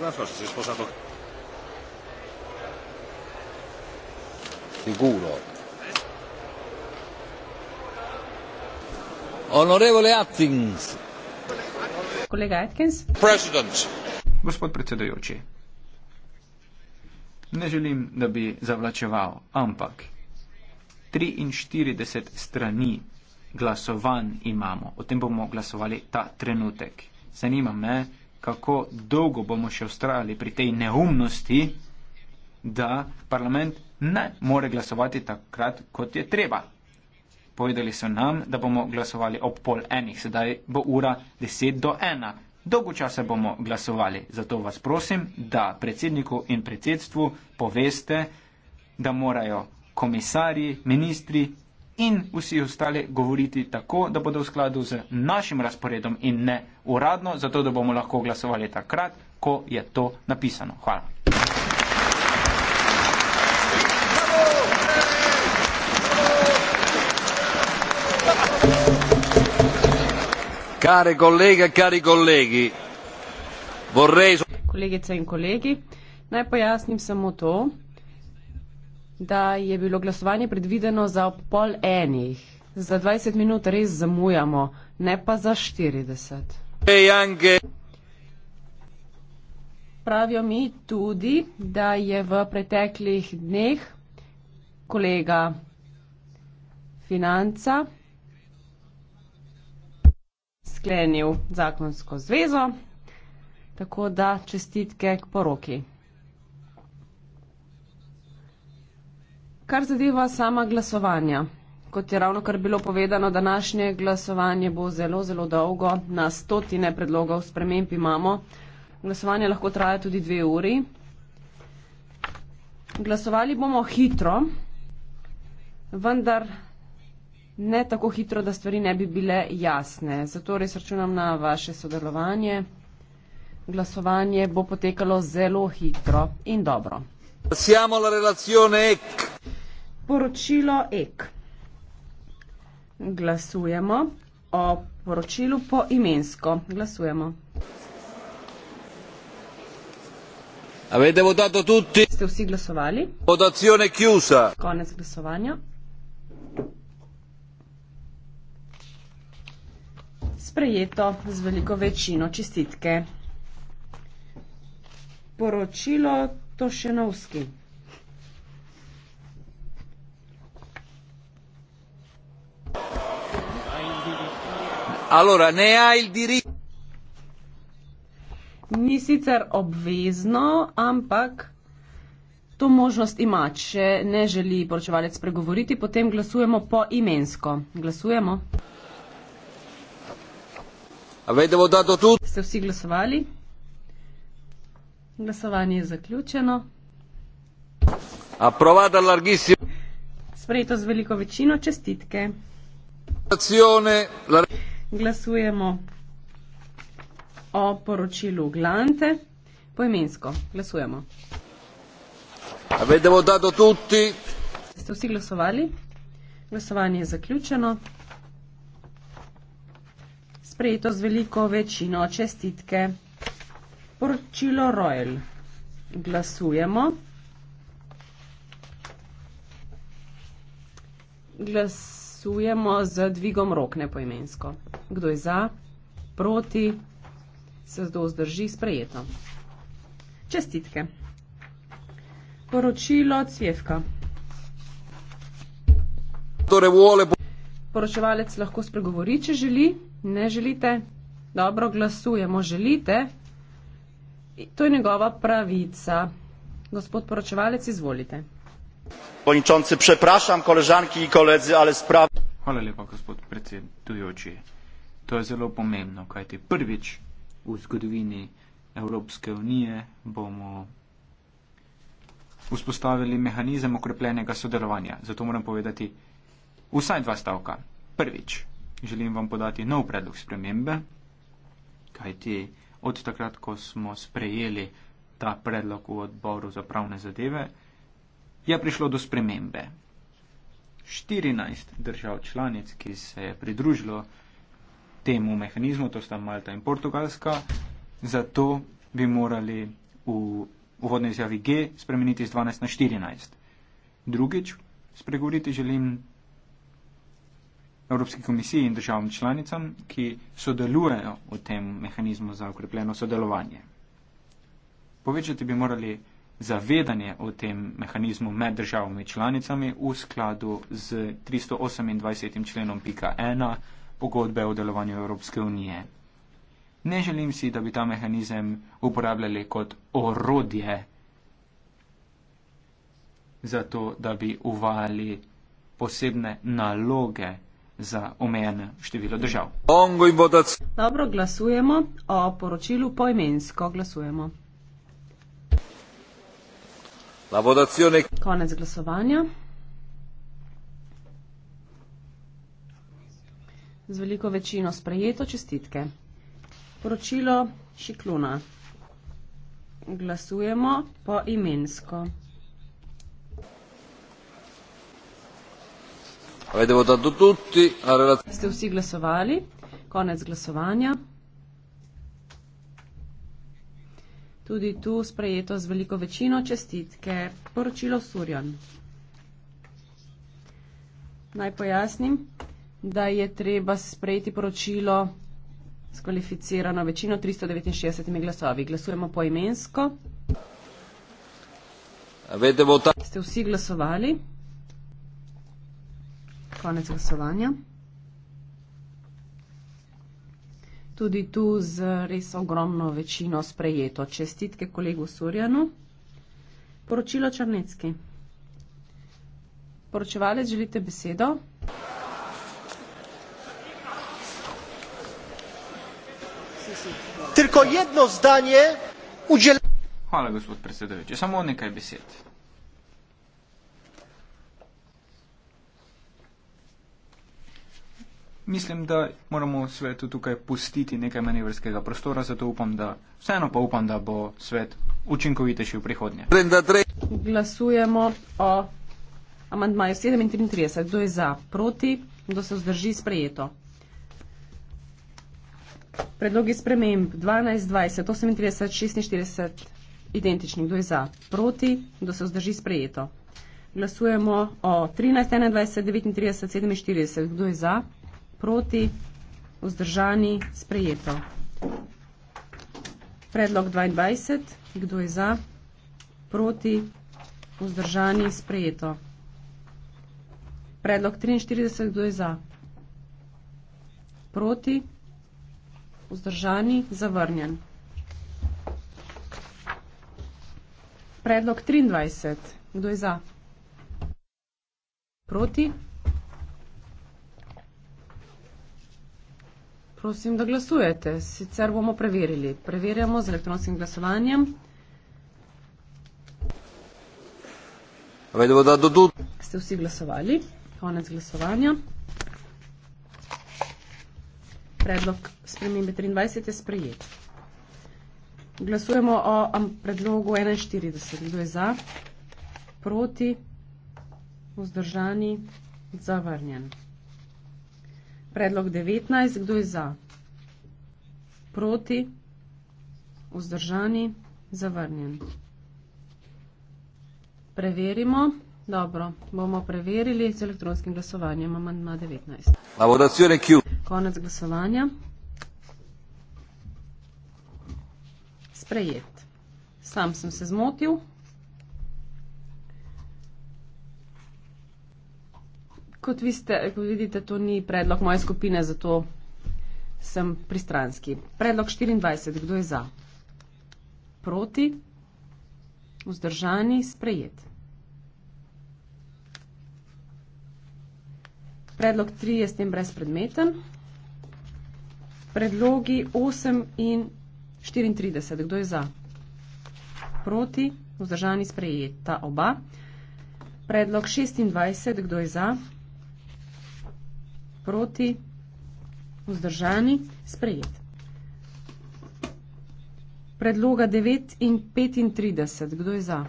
brazos si è sposato sicuro onorevole Atkins collega Atkins President. gospod predsedujoči ne želim, da bi zavlačeval, ampak 43 strani glasovanj imamo. O tem bomo glasovali ta trenutek. Zanima me, kako dolgo bomo še ustrajali pri tej neumnosti, da parlament ne more glasovati takrat, kot je treba. Povedali so nam, da bomo glasovali ob pol enih, sedaj bo ura 10 do 1. Dolgo časa bomo glasovali, zato vas prosim, da predsedniku in predsedstvu poveste, da morajo komisarji, ministri in vsi ostali govoriti tako, da bodo v skladu z našim razporedom in ne uradno, zato da bomo lahko glasovali takrat, ko je to napisano. Hvala. Care kolege, cari kolegi, vorrei... Kolegice in kolegi, naj pojasnim samo to, da je bilo glasovanje predvideno za ob pol enih. Za 20 minut res zamujamo, ne pa za 40. Pravijo mi tudi, da je v preteklih dneh kolega financa sklenil zakonsko zvezo, tako da čestitke k poroki. Kar zadeva sama glasovanja. Kot je ravno kar bilo povedano, današnje glasovanje bo zelo, zelo dolgo. Na stotine predlogov sprememb imamo. Glasovanje lahko traja tudi dve uri. Glasovali bomo hitro, vendar ne tako hitro, da stvari ne bi bile jasne. Zato res računam na vaše sodelovanje. Glasovanje bo potekalo zelo hitro in dobro. Siamo la relazione EC poročilo EK. Glasujemo o poročilu po imensko. Glasujemo. Avete votato tutti? Ste vsi glasovali? Votazione chiusa. Konec glasovanja. Sprejeto z veliko večino čestitke. Poročilo Tošenovski. Allora, ne ha il diritto. Ni sicer obvezno, ampak. To možnost ima, če ne želi poročevalec pregovoriti, potem glasujemo po imensko. Glasujemo. Ste vsi glasovali? Glasovanje je zaključeno. Sprejeto z veliko večino čestitke glasujemo o poročilu Glante. Poimensko glasujemo. Avete votato tutti? Ste vsi glasovali? Glasovanje je zaključeno. Sprejeto z veliko večino čestitke. Poročilo Royal. Glasujemo. Glas glasujemo z dvigom rok nepoimensko. Kdo je za, proti, se zdo zdrži sprejeto. Čestitke. Poročilo Cvjevka. Torej vole bo... Poročevalec lahko spregovori, če želi, ne želite. Dobro, glasujemo, želite. To je njegova pravica. Gospod poročevalec, izvolite. Poničonci, prepraszam, koleżanki i koledzy, ale spraw... Hvala lepa, gospod predsedujoči. To je zelo pomembno, kajti prvič v zgodovini Evropske unije bomo vzpostavili mehanizem okrepljenega sodelovanja. Zato moram povedati vsaj dva stavka. Prvič, želim vam podati nov predlog spremembe, kajti od takrat, ko smo sprejeli ta predlog v odboru za pravne zadeve, je prišlo do spremembe. 14 držav članic, ki se je pridružilo temu mehanizmu, to sta Malta in Portugalska. Zato bi morali v uvodni izjavi G spremeniti z 12 na 14. Drugič, spregovoriti želim Evropski komisiji in državam članicam, ki sodelujejo v tem mehanizmu za ukrepljeno sodelovanje. Povečati bi morali zavedanje o tem mehanizmu med državami članicami v skladu z 328. členom pika 1 pogodbe o delovanju Evropske unije. Ne želim si, da bi ta mehanizem uporabljali kot orodje za to, da bi uvali posebne naloge za omejeno število držav. Dobro glasujemo o poročilu poimensko glasujemo. La votazione. Konec glasovanja. Z veliko večino sprejeto čestitke. Poročilo Šikluna. Glasujemo po imensko. Avete votato tutti? Ste vsi glasovali? Konec glasovanja. tudi tu sprejeto z veliko večino čestitke. Poročilo Surjan. Naj pojasnim, da je treba sprejeti poročilo s kvalificirano večino 369 glasovi. Glasujemo po imensko. Ste vsi glasovali? Konec glasovanja. tudi tu z res ogromno večino sprejeto. Čestitke kolegu Surjanu. Poročilo Črnecki. Poročevalec, želite besedo? Tylko jedno zdanje udzielam. Hvala, gospod predsedujoči. Samo nekaj besed. mislim, da moramo svetu tukaj pustiti nekaj manevrskega prostora, zato upam, da vseeno pa upam, da bo svet učinkovitejši v prihodnje. Glasujemo o amandmaju 37. Kdo je za? Proti? Kdo se vzdrži? Sprejeto. Predlogi sprememb 12, 20, 38, 46 identični. Kdo je za? Proti? Kdo se vzdrži? Sprejeto. Glasujemo o 13, 21, 39, 47. Kdo je za? proti, vzdržani, sprejeto. Predlog 22, kdo je za, proti, vzdržani, sprejeto. Predlog 43, kdo je za, proti, vzdržani, zavrnjen. Predlog 23, kdo je za, proti, vzdržani, sprejeto. Prosim, da glasujete. Sicer bomo preverili. Preverjamo z elektronskim glasovanjem. Ste vsi glasovali? Konec glasovanja. Predlog spremembe 23 je sprejet. Glasujemo o predlogu 41. Kdo je za? Proti? Vzdržani? Zavrnjen? Predlog 19. Kdo je za? Proti? Vzdržani? Zavrnjen? Preverimo. Dobro, bomo preverili z elektronskim glasovanjem. Amandma 19. Konec glasovanja. Sprejet. Sam sem se zmotil. kot vi ste, kot vidite, to ni predlog moje skupine, zato sem pristranski. Predlog 24. Kdo je za? Proti? Vzdržani? Sprejet. Predlog 3 je s tem brezpredmeten. Predlogi 8 in 34. Kdo je za? Proti? Vzdržani? Sprejeta oba. Predlog 26. Kdo je za? Proti? proti, vzdržani, sprejet. Predloga 9 in 35, kdo je za?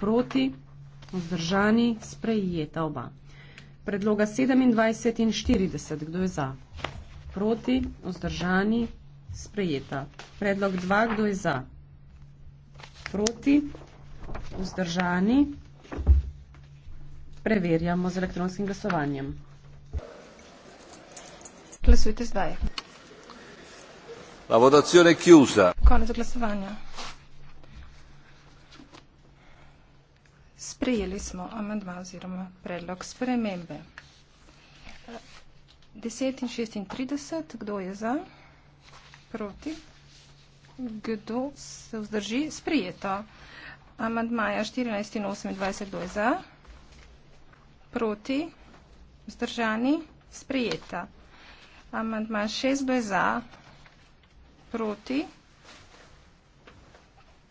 Proti, vzdržani, sprejeta oba. Predloga 27 in 40, kdo je za? Proti, vzdržani, sprejeta. Predlog 2, kdo je za? Proti, vzdržani, preverjamo z elektronskim glasovanjem glasujte zdaj. La votazione è chiusa. Konec glasovanja. Sprijeli smo amendma oziroma predlog spremembe. 10 in 36, kdo je za? Proti? Kdo se vzdrži? Sprijeto. Amandmaja 14 in 28, kdo je za? Proti? Vzdržani? Sprijeta. Amandma šest dve za, proti.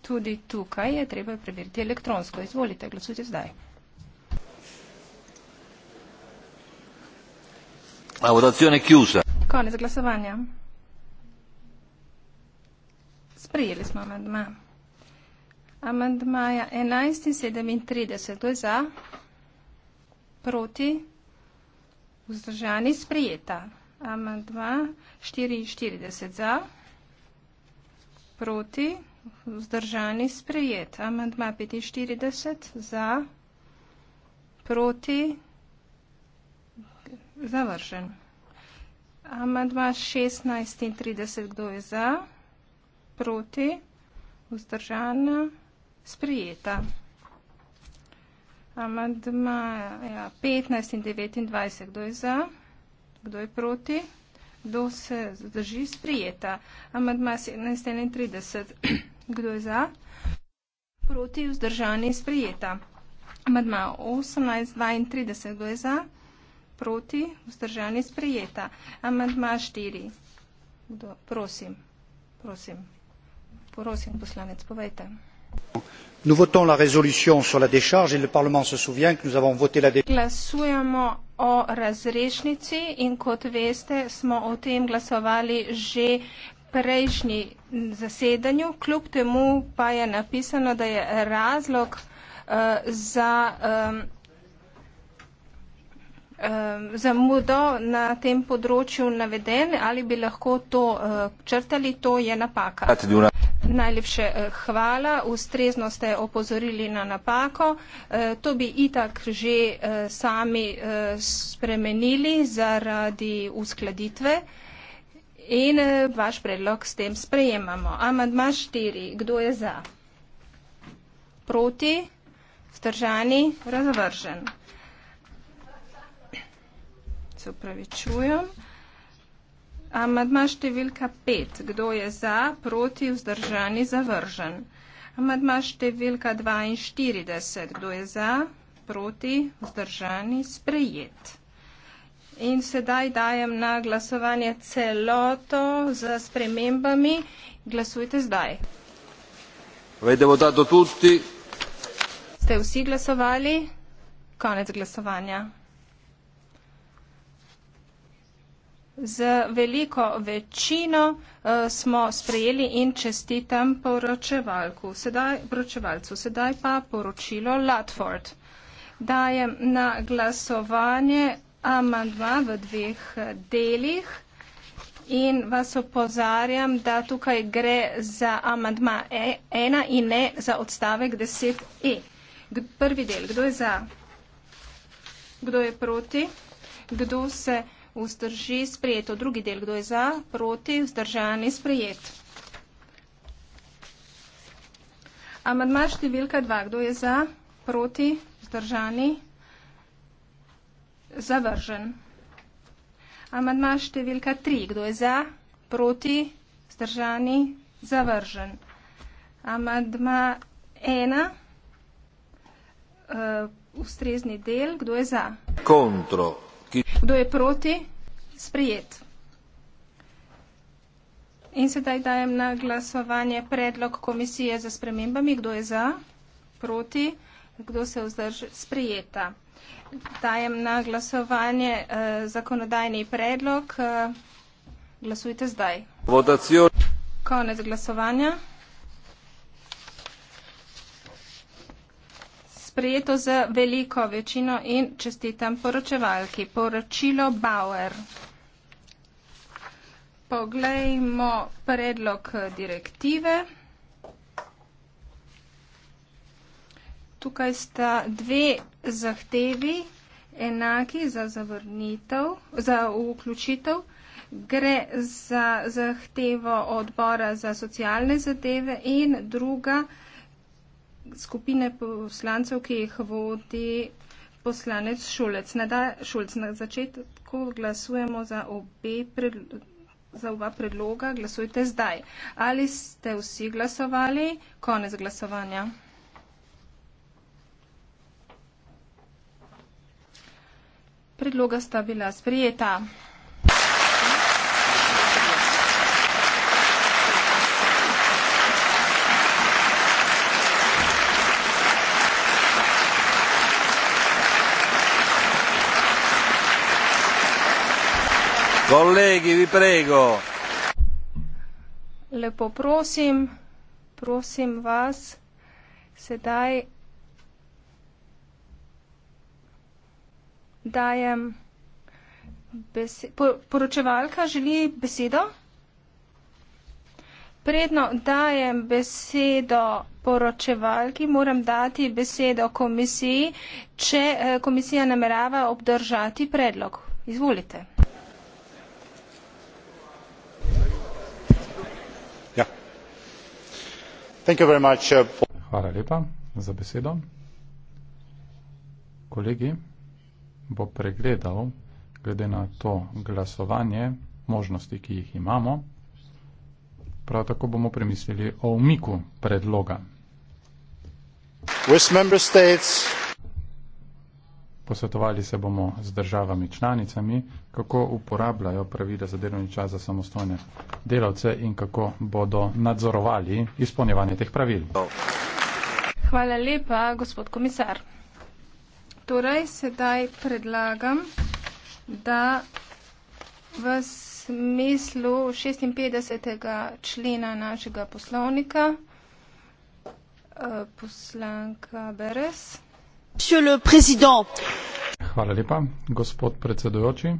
Tudi tukaj je treba preveriti elektronsko. Izvolite, glasujte zdaj. A votazione chiusa. Konec glasovanja. Sprejeli smo amandma. Amandmaja 11 in 37. To je za, proti, vzdržani, sprijeta amandma 44 za, proti, vzdržani sprejet. Amandma 45 za, proti, zavržen. Amandma 16 in 30, kdo je za, proti, vzdržana, sprejeta. Amandma ja, 15 in 29, kdo je za, proti. Kdo je proti? Kdo se zdrži sprijeta? Amadma 1731. Kdo je za? Proti vzdržani sprijeta. Amadma 1832. Kdo je za? Proti vzdržani sprijeta. Amadma 4. Kdo? Prosim. Prosim. Prosim, poslanec, povejte nous votons la résolution sur la décharge et le parlement se souvient que nous avons voté la décharge. O razrešnici in kot veste, smo o tem glasovali že prejšnji zasedanju, kljub temu pa je napisano, da je razlog uh, za um, um, zamudo na tem področju naveden ali bi lahko to uh, črtali, to je napaka. Najlepše eh, hvala. Ustrezno ste opozorili na napako. Eh, to bi itak že eh, sami spremenili zaradi uskladitve in vaš predlog s tem sprejemamo. Amadma štiri. Kdo je za? Proti? Vzdržani? Razvržen? Se upravičujem. Amandma številka pet. Kdo je za, proti, vzdržani, zavržen? Amandma številka 42. Kdo je za, proti, vzdržani, sprejet? In sedaj dajem na glasovanje celoto z spremembami. Glasujte zdaj. Ste vsi glasovali? Konec glasovanja. z veliko večino uh, smo sprejeli in čestitam poročevalku. Sedaj, poročevalcu. Sedaj pa poročilo Latford. Dajem na glasovanje amandma v dveh eh, delih. In vas opozarjam, da tukaj gre za amandma 1 e, in ne za odstavek 10e. Prvi del. Kdo je za? Kdo je proti? Kdo se vzdrži sprejeto. Drugi del, kdo je za, proti, vzdržani, sprejet. Amadmaž številka 2, kdo je za, proti, vzdržani, zavržen. Amadmaž številka 3, kdo je za, proti, vzdržani, zavržen. Amadma 1, uh, eh, ustrezni del, kdo je za. Kontro. Kdo je proti? Sprejet. In sedaj dajem na glasovanje predlog komisije za spremembami. Kdo je za? Proti. Kdo se vzdrži? Sprejeta. Dajem na glasovanje eh, zakonodajni predlog. Eh, glasujte zdaj. Votacijo. Konec glasovanja. sprejeto z veliko večino in čestitam poročevalki. Poročilo Bauer. Poglejmo predlog direktive. Tukaj sta dve zahtevi enaki za zavrnitev, za vključitev. Gre za zahtevo odbora za socialne zadeve in druga eh, skupine poslancev, ki jih vodi poslanec Šulec. Da, Šulc, na začetku glasujemo za, obe za oba predloga. Glasujte zdaj. Ali ste vsi glasovali? Konec glasovanja. Predloga sta bila sprijeta. Colleghi, vi prego. Lepo prosim, prosim vas, sedaj dajem besedo. Poročevalka želi besedo? Predno dajem besedo poročevalki, moram dati besedo komisiji, če eh, komisija namerava obdržati predlog. Izvolite. Uh, Hvala lepa za besedo. Kolegi bo pregledal glede na to glasovanje možnosti, ki jih imamo. Prav tako bomo premislili o umiku predloga. With member states, Posvetovali se bomo z državami članicami, kako uporabljajo pravila za delovni čas za samostojne delavce in kako bodo nadzorovali izpolnjevanje teh pravil. Hvala lepa, gospod komisar. Torej, sedaj predlagam, da v smislu 56. člena našega poslovnika eh, poslanka Beres monsieur le président Hvala lepa, gospod predsedujoči.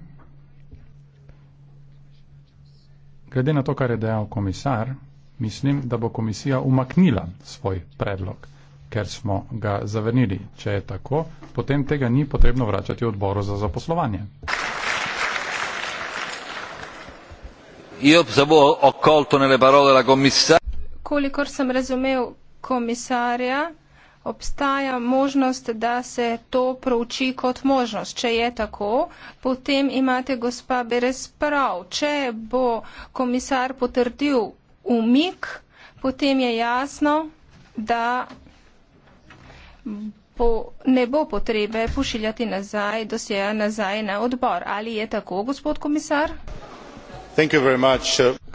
Glede na to, kar je dejal komisar, mislim, da bo komisija umaknila svoj predlog, ker smo ga zavrnili. Če je tako, potem tega ni potrebno vračati odboru za zaposlovanje. Kolikor sem razumel komisarja, obstaja možnost, da se to prouči kot možnost. Če je tako, potem imate gospa Beres prav. Če bo komisar potrdil umik, potem je jasno, da bo, ne bo potrebe pošiljati nazaj, dosjeja nazaj na odbor. Ali je tako, gospod komisar?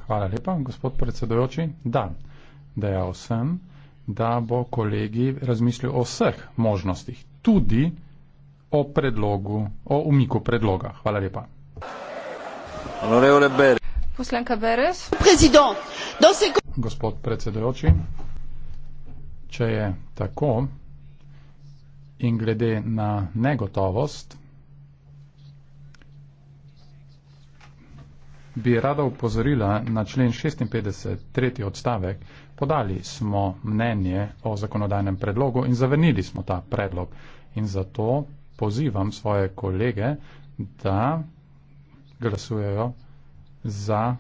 Hvala lepa, gospod predsedojoči. Da, dejal sem da bo kolegi razmislil o vseh možnostih, tudi o predlogu, o umiku predloga. Hvala lepa. Poslanka Beres. Gospod predsedujoči, če je tako in glede na negotovost, bi rada upozorila na člen 56, tretji odstavek, Podali smo mnenje o zakonodajnem predlogu in zavrnili smo ta predlog. In zato pozivam svoje kolege, da glasujejo za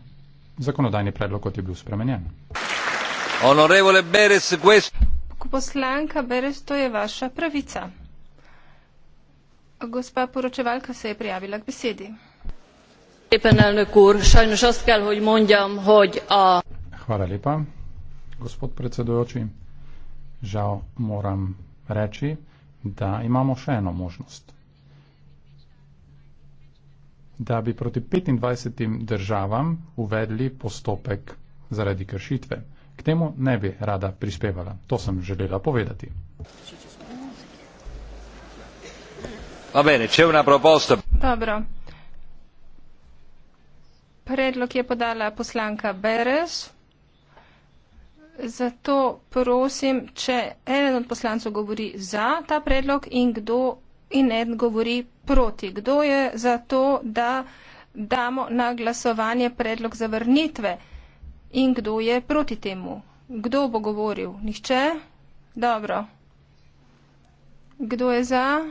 zakonodajni predlog, kot je bil spremenjen. Poslanka Beres, to je vaša pravica. Gospa poročevalka se je prijavila k besedi. Hvala lepa gospod predsedujoči, žal moram reči, da imamo še eno možnost. Da bi proti 25 državam uvedli postopek zaradi kršitve. K temu ne bi rada prispevala. To sem želela povedati. Dobro. Predlog je podala poslanka Beres. Zato prosim, če eden od poslancev govori za ta predlog in kdo in eden govori proti. Kdo je za to, da damo na glasovanje predlog zavrnitve in kdo je proti temu? Kdo bo govoril? Nihče? Dobro. Kdo je za?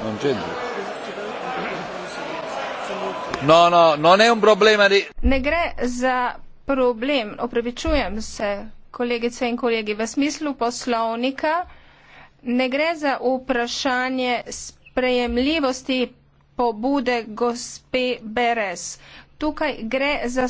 Andrzej. No, no, non è un problema di... Ne gre za problem, opravičujem se, kolegice in kolegi, v smislu poslovnika, ne gre za vprašanje sprejemljivosti pobude gospe Beres. Tukaj gre za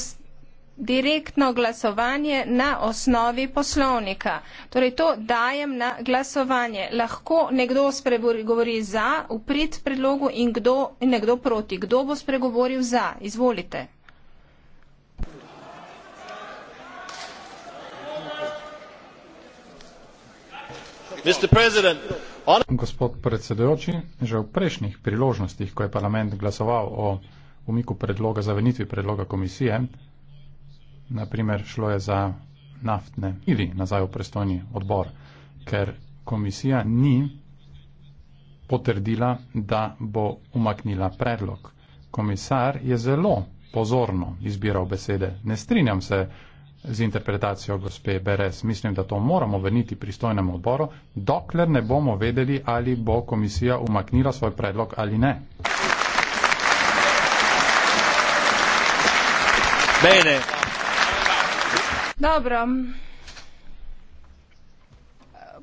direktno glasovanje na osnovi poslovnika. Torej to dajem na glasovanje. Lahko nekdo spregovori za, uprit predlogu in kdo, nekdo proti. Kdo bo spregovoril za? Izvolite. Gospod predsedojoči, že v prejšnjih priložnostih, ko je parlament glasoval o umiku predloga za venitvi predloga komisije, Naprimer, šlo je za naftne ili nazaj v prestojni odbor, ker komisija ni potrdila, da bo umaknila predlog. Komisar je zelo pozorno izbiral besede. Ne strinjam se z interpretacijo gospe Beres. Mislim, da to moramo vrniti pristojnemu odboru, dokler ne bomo vedeli, ali bo komisija umaknila svoj predlog ali ne. Bene. Dobro.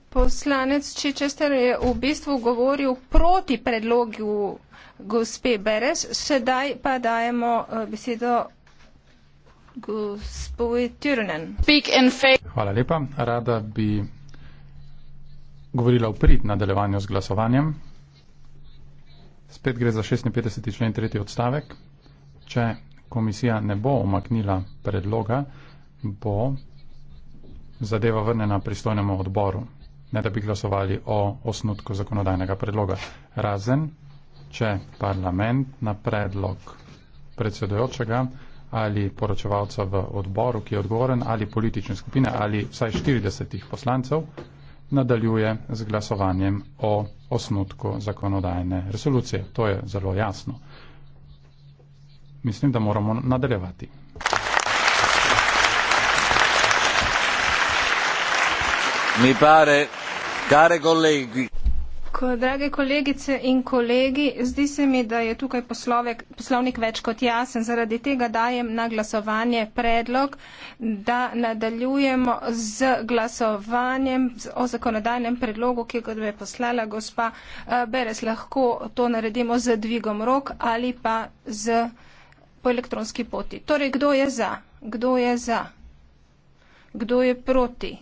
Poslanec Čičester je v bistvu govoril proti predlogu gospe Beres, sedaj pa dajemo eh, besedo gospodi Tyrnen. Hvala lepa. Rada bi govorila v prid nadaljevanju z glasovanjem. Spet gre za 56. člen tretji odstavek. Če komisija ne bo omaknila predloga, bo zadeva vrnjena pristojnemu odboru, ne da bi glasovali o osnutku zakonodajnega predloga. Razen, če parlament na predlog predsedojočega ali poročevalca v odboru, ki je odgovoren, ali politične skupine, ali vsaj 40 poslancev, nadaljuje z glasovanjem o osnutku zakonodajne resolucije. To je zelo jasno. Mislim, da moramo nadaljevati. Drage kolegice in kolegi, zdi se mi, da je tukaj poslovek, poslovnik več kot jasen. Zaradi tega dajem na glasovanje predlog, da nadaljujemo z glasovanjem o zakonodajnem predlogu, ki ga je poslala gospa eh, Beres. Lahko to naredimo z dvigom rok ali pa z, po elektronski poti. Torej, kdo je za? Kdo je za? Kdo je proti?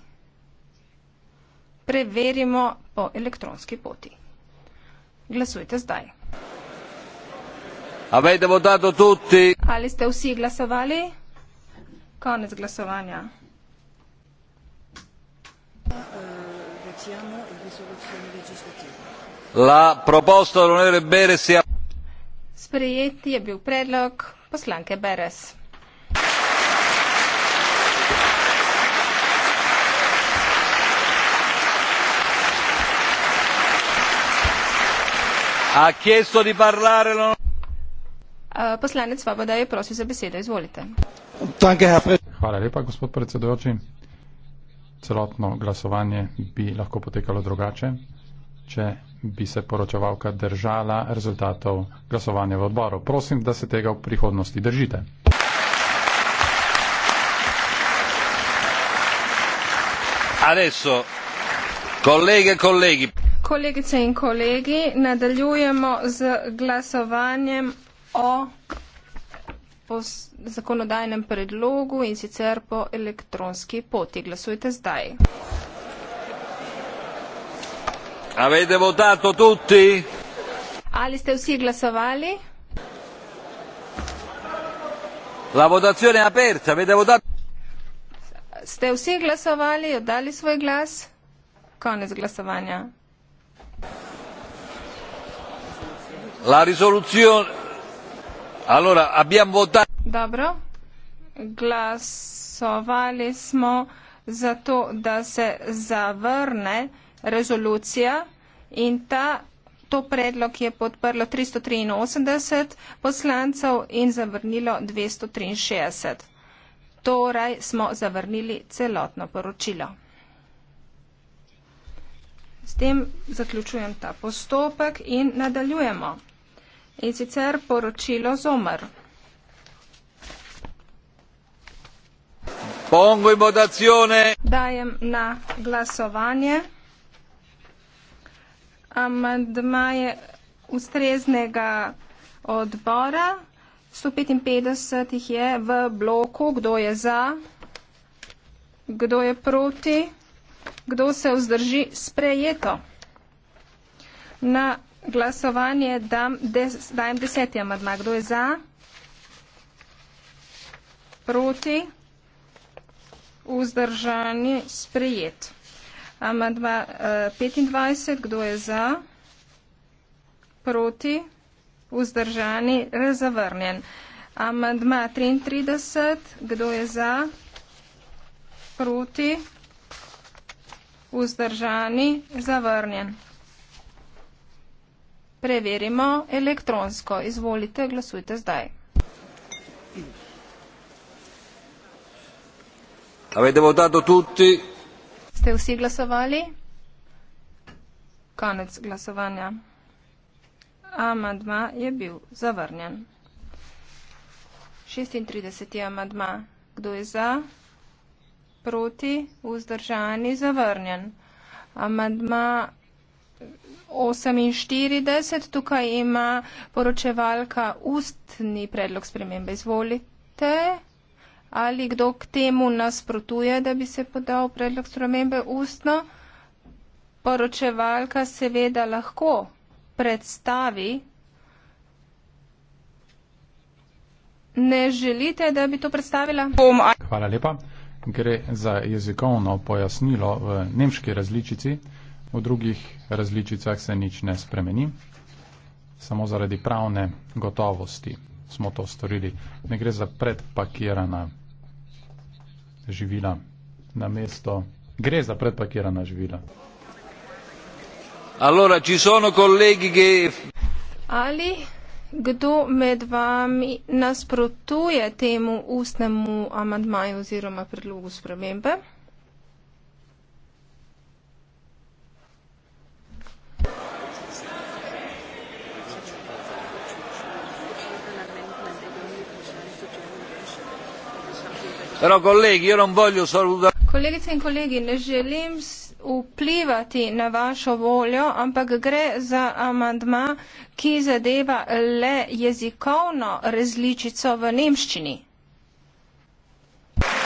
preverimo po elektronski poti. Glasujte zdaj. Avete votato tutti? Ali ste vsi glasovali? Konec glasovanja. La proposta dell'onore Beres. Sprejeti je bil predlog poslanke Beres. Ha chiesto di parlare l'on- no? eh, Poslanec Svoboda je prosil za besedo, izvolite. Hvala lepa, gospod predsedujoči. Celotno glasovanje bi lahko potekalo drugače, če bi se poročevalka držala rezultatov glasovanja v odboru. Prosim, da se tega v prihodnosti držite. Adesso, kolege, kolegi. Kolegice in kolegi, nadaljujemo z glasovanjem o zakonodajnem predlogu in sicer po elektronski poti. Glasujte zdaj. Avete votato tutti? Ali ste vsi glasovali? La votazione è aperta, avete votato? Ste vsi glasovali, oddali svoj glas? Konec glasovanja. la risoluzione allora abbiamo votato dobro glasovali smo za to da se zavrne rezolucija in ta to predlog je podprlo 383 poslancev in zavrnilo 263 torej smo zavrnili celotno poročilo S tem zaključujem ta postopek in nadaljujemo in sicer poročilo Zomr. Pongo in votazione. Dajem na glasovanje amandmaje ustreznega odbora. 155 jih je v bloku. Kdo je za? Kdo je proti? Kdo se vzdrži? Sprejeto. Na glasovanje dam des, dajem deseti amadma. Kdo je za? Proti? Vzdržani? Sprejet. Amadma eh, 25. Kdo je za? Proti? Vzdržani? Zavrnjen. Amadma 33. Kdo je za? Proti? Vzdržani? Zavrnjen. Preverimo elektronsko. Izvolite, glasujte zdaj. Avete votato tutti? Ste vsi glasovali? Konec glasovanja. Amadma je bil zavrnjen. 36. amadma. Kdo je za? Proti? Vzdržani? Zavrnjen. Amadma 48, tukaj ima poročevalka ustni predlog spremembe. Izvolite. Ali kdo k temu nasprotuje, da bi se podal predlog spremembe ustno? Poročevalka seveda lahko predstavi. Ne želite, da bi to predstavila? Hvala lepa. Gre za jezikovno pojasnilo v nemški različici. V drugih različicah se nič ne spremeni, samo zaradi pravne gotovosti smo to storili. Ne gre za predpakirana živila na mesto. Gre za predpakirana živila. Allora, ci sono colleghi che... Ali kdo med vami nasprotuje temu ustnemu amadmaju oziroma predlogu spremembe? Però colleghi, io non voglio salutare. Kolegice in colleghi, ne želim vplivati na vašo voljo, ampak gre za amandma, ki zadeva le jezikovno različico v nemščini.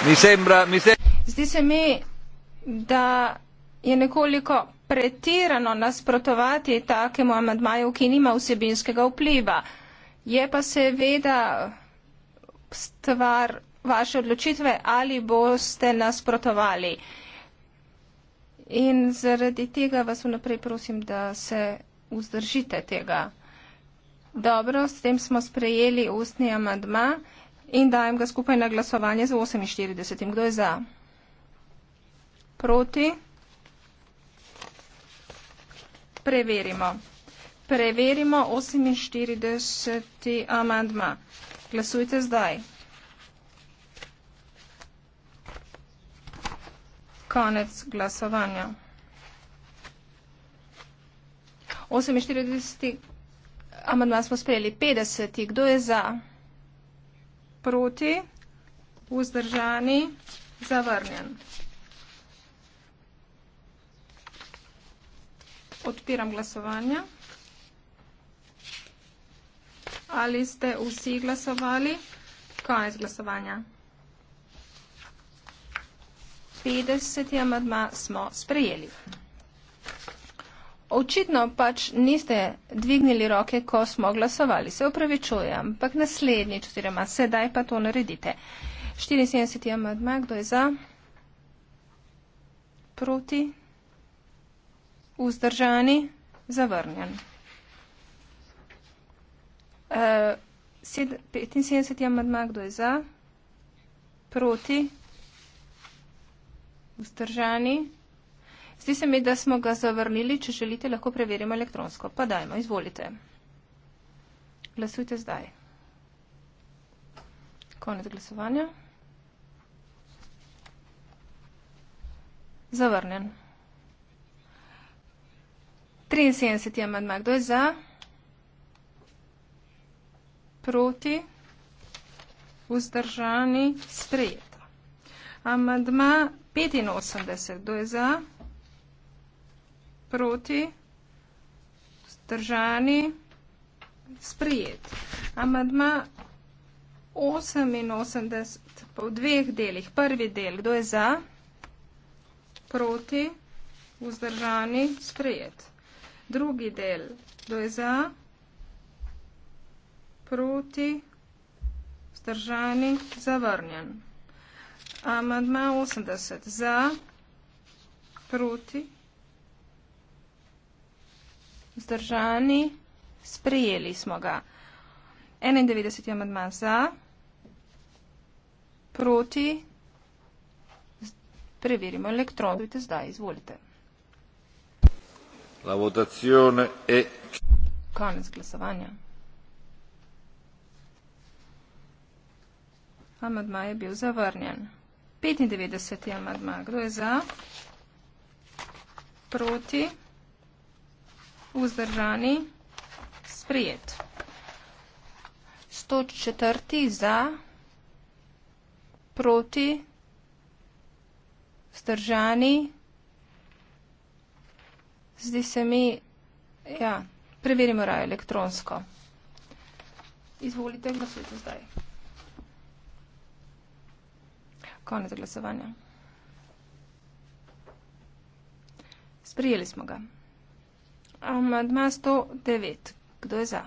Mi sembra, mi se... Zdi se mi, da je nekoliko pretirano nasprotovati takemu amandmaju, ki nima vsebinskega vpliva. Je pa seveda stvar vaše odločitve, ali boste nasprotovali. In zaradi tega vas vnaprej prosim, da se vzdržite tega. Dobro, s tem smo sprejeli ustni amadma in dajem ga skupaj na glasovanje z 48. Kdo je za? Proti? Preverimo. Preverimo 48. amadma. Glasujte zdaj. konec glasovanja. 48. amandma smo sprejeli. 50. Kdo je za? Proti? Vzdržani? Zavrnjen. Odpiram glasovanje. Ali ste vsi glasovali? Konec glasovanja. 50. amadma smo sprejeli. Očitno pač niste dvignili roke, ko smo glasovali. Se upravičujem, ampak naslednji, oziroma sedaj pa to naredite. 74. amadma, kdo je za? Proti? Vzdržani? Zavrnjen. Uh, 75. amadma, kdo je za? Proti? vzdržani. Zdi se mi, da smo ga zavrnili. Če želite, lahko preverimo elektronsko. Pa dajmo, izvolite. Glasujte zdaj. Konec glasovanja. Zavrnen. 73. amandma. Kdo je za? Proti? Vzdržani? Sprejet. Amandma 85, kdo je za? Proti? Zdržani? Sprijet. Amandma 88, pa v dveh delih. Prvi del, kdo je za? Proti? Vzdržani? Sprijet. Drugi del, kdo je za? Proti? Vzdržani? Zavrnjen. Amandma 80 za, proti, vzdržani, sprejeli smo ga. 91. amandma za, proti, preverimo elektronsko. Zdajte zdaj, izvolite. La votazione è... Konec glasovanja. Amandma je bil zavrnjen. 95. amadma. Kdo je za? Proti? Vzdržani? Sprijet. 104. za? Proti? Vzdržani? Zdi se mi, ja, preverimo raje elektronsko. Izvolite, glasujte zdaj. Konec glasovanja. Sprijeli smo ga. Amadma 109. Kdo je za?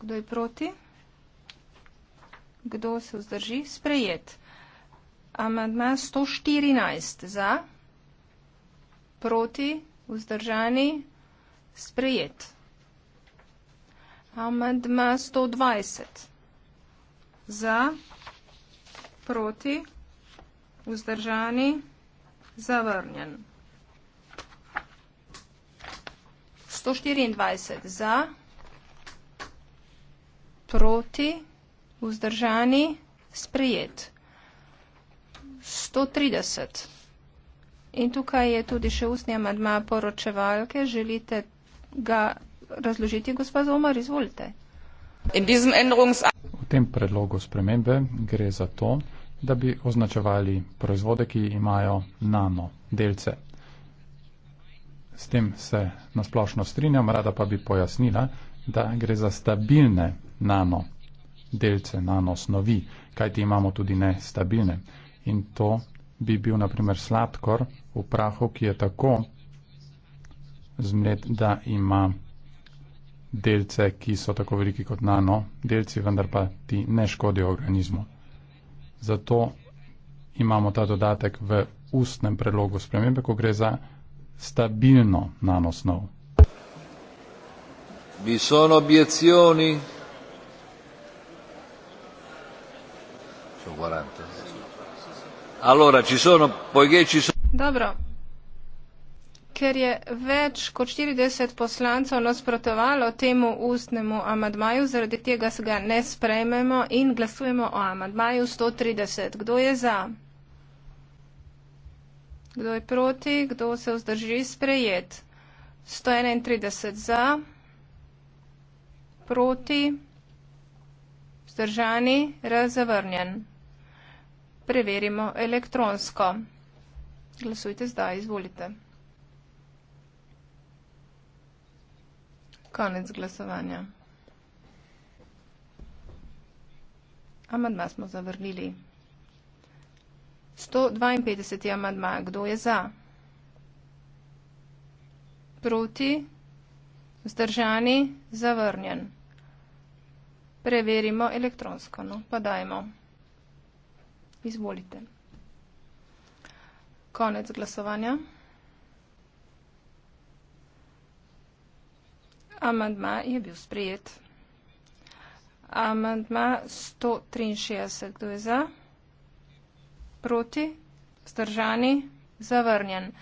Kdo je proti? Kdo se vzdrži? Sprejet. Amadma 114. Za? Proti? Vzdržani? Sprejet. Amadma 120. Za? proti, vzdržani, zavrnjen. 124 za, proti, vzdržani, sprijet. 130. In tukaj je tudi še ustni amadma poročevalke. Želite ga razložiti, gospod Zomar? Izvolite. V tem predlogu spremembe gre za to, da bi označevali proizvode, ki imajo nano delce. S tem se nasplošno strinjam, rada pa bi pojasnila, da gre za stabilne nano delce, nano snovi, kajti imamo tudi nestabilne. In to bi bil naprimer sladkor v prahu, ki je tako zmed, da ima delce, ki so tako veliki kot nano delci, vendar pa ti ne škodijo organizmu zato imamo ta dodatek v ustnem predlogu spremembe, ko gre za stabilno nanosnov. Vi sono obiezioni? Allora, ci sono, poiché ci sono... Dobro, ker je več kot 40 poslancev nasprotovalo temu ustnemu amadmaju, zaradi tega se ga ne sprejmemo in glasujemo o amadmaju 130. Kdo je za? Kdo je proti? Kdo se vzdrži sprejet? 131 za, proti, vzdržani, razavrnjen. Preverimo elektronsko. Glasujte zdaj, izvolite. Konec glasovanja. Amadma smo zavrnili. 152. amadma. Kdo je za? Proti? Zdržani? Zavrnjen. Preverimo elektronsko. No, pa dajmo. Izvolite. Konec glasovanja. Amandma je bil sprejet. Amandma 163. Kdo je za? Proti? Zdržani? Zavrnjen.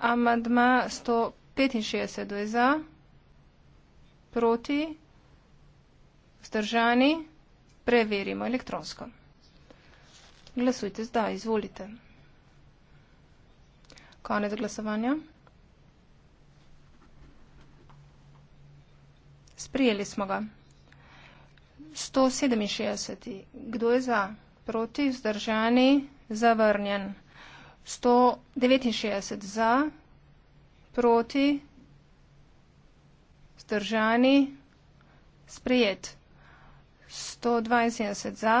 Amandma 165. Kdo je za? Proti? Zdržani? Preverimo elektronsko. Glasujte zdaj, izvolite. Konec glasovanja. Sprijeli smo ga. 167. Kdo je za? Proti, vzdržani, zavrnjen. 169 za, proti, vzdržani, sprejet. 172 za,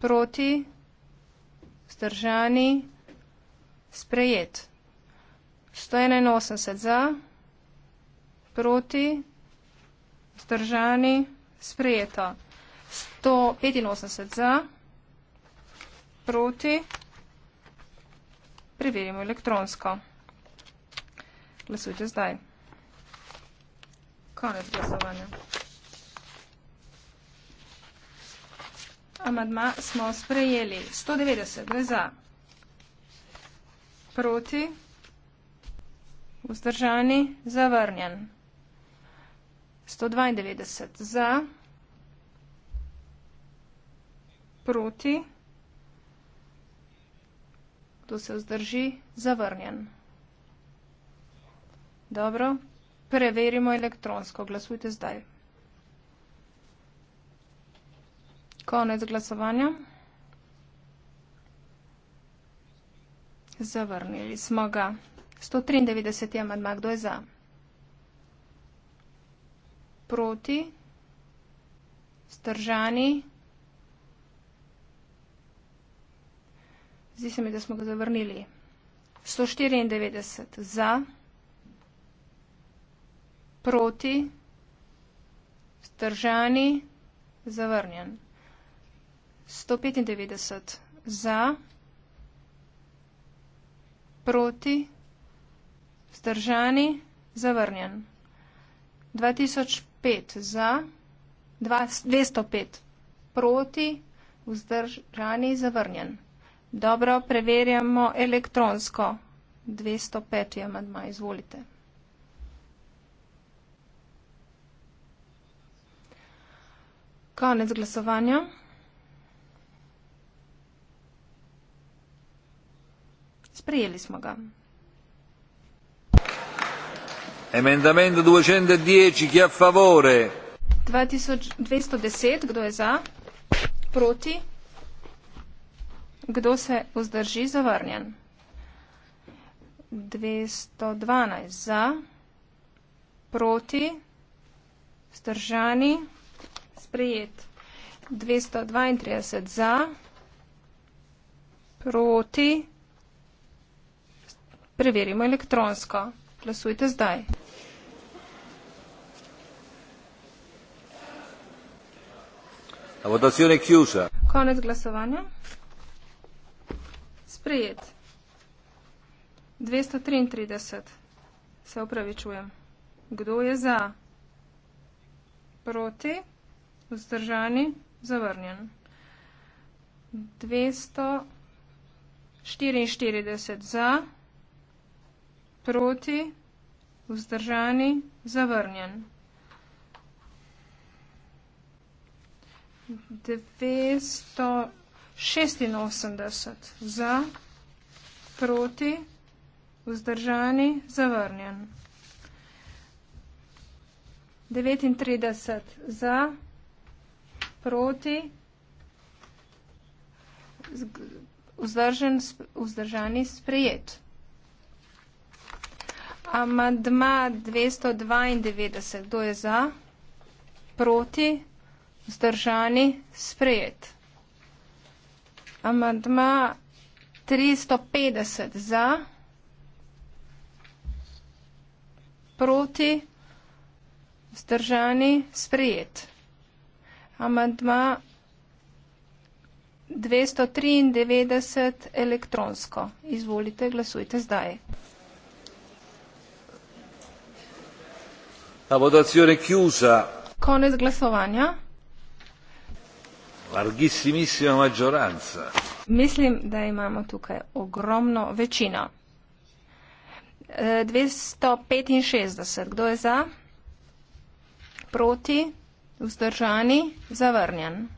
proti, vzdržani, sprejet. 181 za, proti, vzdržani, sprejet vzdržani, sprejeto. 185 za, proti, preverimo elektronsko. Glasujte zdaj. Konec glasovanja. Amadma smo sprejeli. 190 za, proti, vzdržani, zavrnjen. 192 za, proti, kdo se vzdrži, zavrnjen. Dobro, preverimo elektronsko, glasujte zdaj. Konec glasovanja. Zavrnili smo ga. 193. amadma, kdo je za? 193. amadma proti, vzdržani. Zdi se mi, da smo ga zavrnili. 194 za, proti, vzdržani, zavrnjen. 195 za, proti, vzdržani, zavrnjen. 2500 pet za, dva, 205 proti, vzdržani zavrnjen. Dobro, preverjamo elektronsko. 205 je amadma, izvolite. Konec glasovanja. Sprijeli smo ga emendamento duecentodieci chi è a favore? kdo je za? proti? kdo se vzdrži zavrnjen? dvesto dvanajst za? proti? vzdržani? sprejet? dvesto dvaintrideset za? proti? preverimo elektronsko. glasujte zdaj. Konec glasovanja. Sprejet. 233. Se upravičujem. Kdo je za? Proti? Vzdržani? Zavrnjen. 244 za, proti, vzdržani, zavrnjen. 286 za, proti, vzdržani, zavrnjen. 39 za, proti, vzdržen, vzdržani, sprejet. Amandma 292, kdo je za, proti, vzdržani, vzdržani, sprejet. Amandma 350 za, proti, vzdržani, sprejet. Amandma 293 elektronsko. Izvolite, glasujte zdaj. La votazione è chiusa. Con il glasovania larghissimissima maggioranza. Mislim, da imamo tukaj ogromno večino. 265. E, Kdo je za? Proti? Vzdržani? Zavrnjen?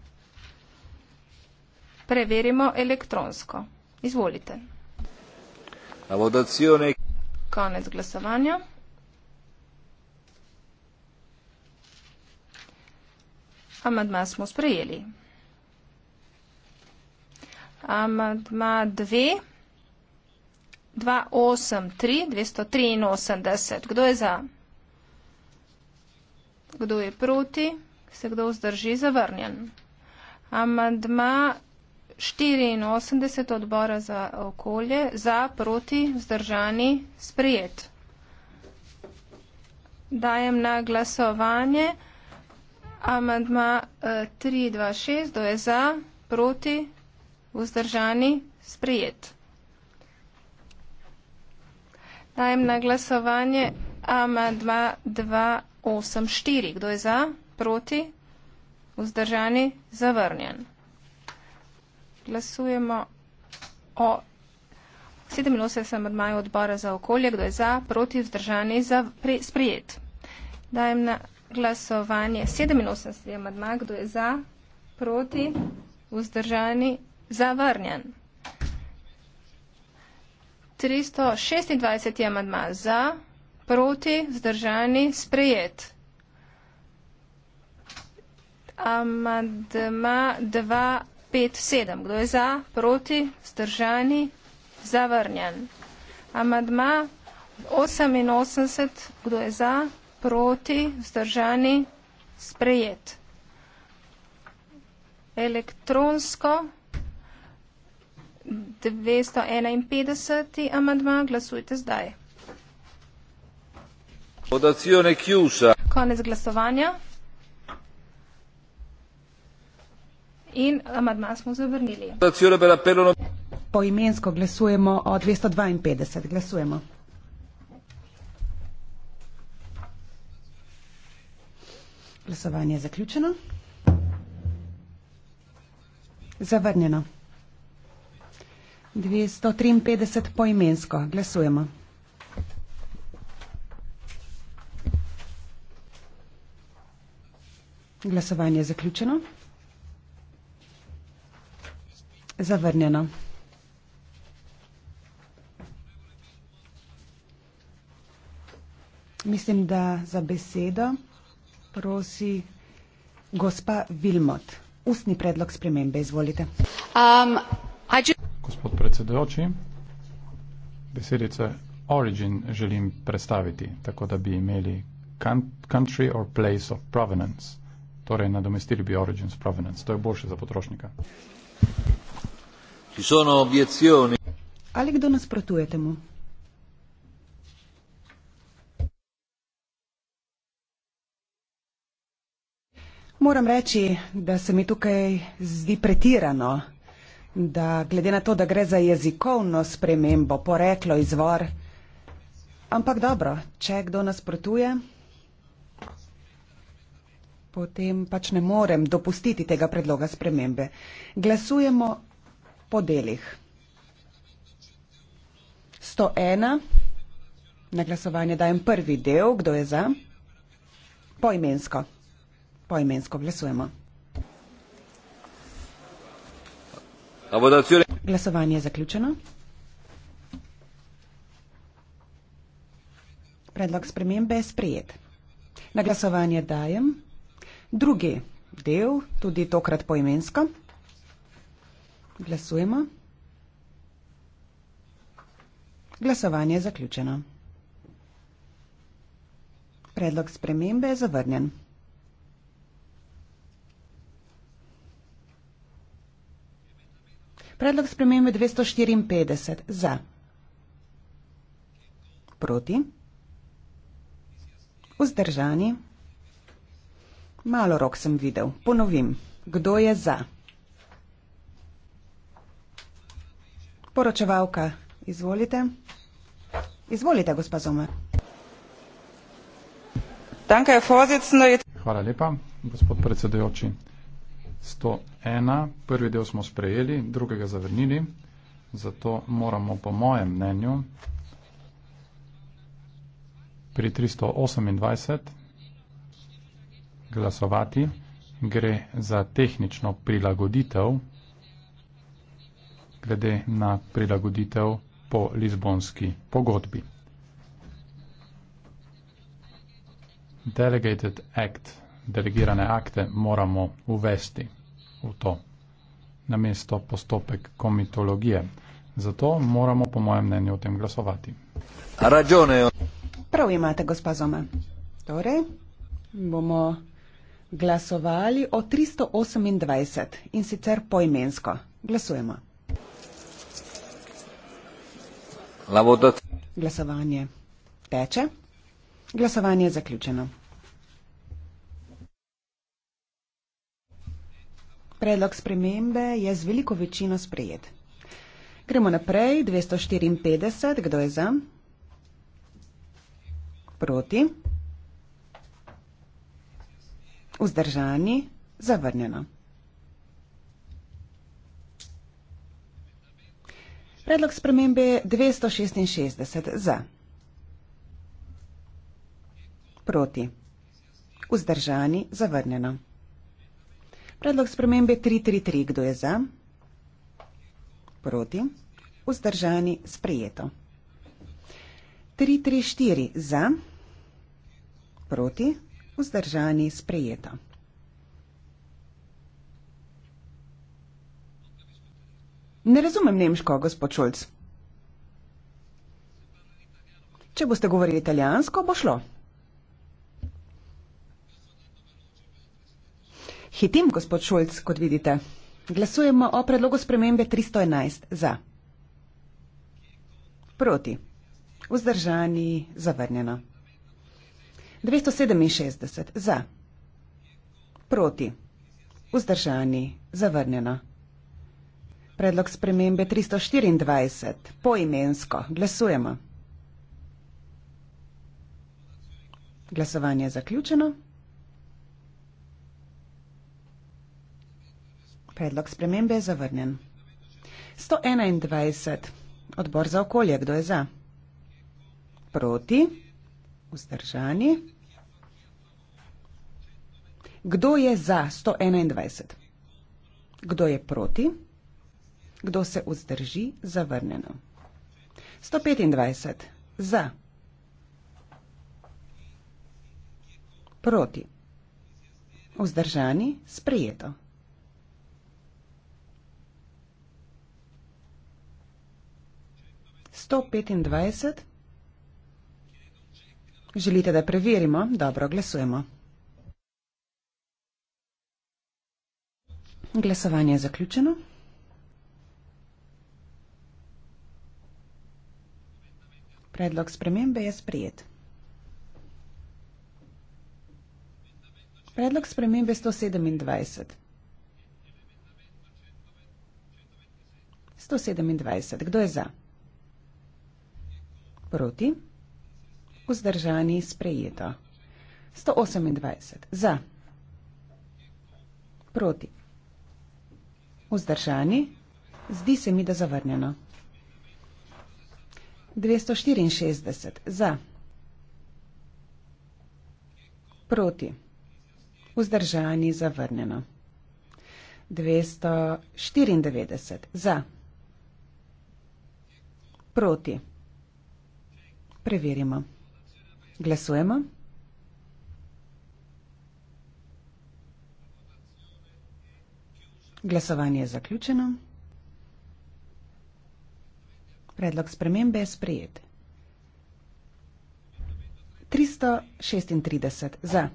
Preverimo elektronsko. Izvolite. Votazione... Konec glasovanja. Amadma smo sprejeli amadma dve, dva osem tri, dvesto tri in osemdeset. Kdo je za? Kdo je proti? Se kdo vzdrži? Zavrnjen. Amadma štiri in osemdeset odbora za okolje, za, proti, vzdržani, sprijet. Dajem na glasovanje. Amadma 326, eh, kdo je za, proti, vzdržani, sprijet. Dajem na glasovanje AMA 2284. Kdo je za? Proti? Vzdržani? Zavrnjen. Glasujemo o 87. amadmaju odbora za okolje. Kdo je za? Proti? Vzdržani? Za pri, sprijet. Dajem na glasovanje 87. amadma. Kdo je za? Proti? Vzdržani? Zavrnjen. 326 je amadma za, proti, zdržani, sprejet. Amadma 257. Kdo je za, proti, zdržani, zavrnjen. Amadma 88. Kdo je za, proti, zdržani, sprejet. Elektronsko. 251. amadma, glasujte zdaj. Votazione chiusa. Konec glasovanja. In amadma smo zavrnili. Votazione per appello. No... Poimensko glasujemo o 252. Glasujemo. Glasovanje je zaključeno. Zavrnjeno. 253 poimensko. Glasujemo. Glasovanje je zaključeno. Zavrnjeno. Mislim, da za besedo prosi gospa Vilmot. Ustni predlog spremembe, izvolite. Um, gospod predsedojoči. Besedice origin želim predstaviti, tako da bi imeli country or place of provenance. Torej, nadomestili bi origins provenance. To je boljše za potrošnika. Ali kdo nasprotuje temu? Moram reči, da se mi tukaj zdi pretirano da glede na to, da gre za jezikovno spremembo, poreklo, izvor. Ampak dobro, če kdo nasprotuje, potem pač ne morem dopustiti tega predloga spremembe. Glasujemo po delih. 101. Na glasovanje dajem prvi del. Kdo je za? Poimensko. Poimensko glasujemo. Glasovanje je zaključeno. Predlog spremembe je sprejet. Na glasovanje dajem drugi del, tudi tokrat poimensko. Glasujemo. Glasovanje je zaključeno. Predlog spremembe je zavrnjen. Predlog spremembe 254 za. Proti. Vzdržani. Malo rok sem videl. Ponovim. Kdo je za? Poročevalka, izvolite. Izvolite, gospa Zomer. Hvala lepa, gospod predsedujoči. 101. Prvi del smo sprejeli, drugega zavrnili, zato moramo po mojem mnenju pri 328 glasovati. Gre za tehnično prilagoditev glede na prilagoditev po Lizbonski pogodbi. Delegated Act delegirane akte moramo uvesti v to, namesto postopek komitologije. Zato moramo, po mojem mnenju, o tem glasovati. Ražone. Prav imate, gospa Zoma. Torej, bomo glasovali o 328 in sicer poimensko. Glasujemo. Glasovanje teče. Glasovanje je zaključeno. Predlog spremembe je z veliko večino sprejet. Gremo naprej. 254. Kdo je za? Proti? Vzdržani? Zavrnjeno. Predlog spremembe 266. Za? Proti? Vzdržani? Zavrnjeno. Predlog spremembe 333, kdo je za? Proti. Vzdržani, sprejeto. 334 za, proti, vzdržani, sprejeto. 334. Ne razumem nemško, gospod Šulc. Če boste govorili italijansko, bo šlo. 334. Hitim, gospod Šulc, kot vidite. Glasujemo o predlogu spremembe 311 za. Proti. Vzdržani. Zavrnjeno. 267 za. Proti. Vzdržani. Zavrnjeno. Predlog spremembe 324. Poimensko. Glasujemo. Glasovanje je zaključeno. Predlog spremembe je zavrnjen. 121. Odbor za okolje. Kdo je za? Proti? Vzdržani? Kdo je za 121? Kdo je proti? Kdo se vzdrži? Zavrnjeno. 125. Za. Proti. Vzdržani? Sprijeto. 125. Želite, da preverimo? Dobro, glasujemo. Glasovanje je zaključeno. Predlog spremembe je sprejet. Predlog spremembe 127. 127, kdo je za? Proti? Vzdržani sprejeto. 128. Za. Proti. Vzdržani. Zdi se mi, da zavrnjeno. 264. Za. Proti. Vzdržani. Zavrnjeno. 294. Za. Proti. Preverimo. Glasujemo. Glasovanje je zaključeno. Predlog spremembe je sprejet. 336 za.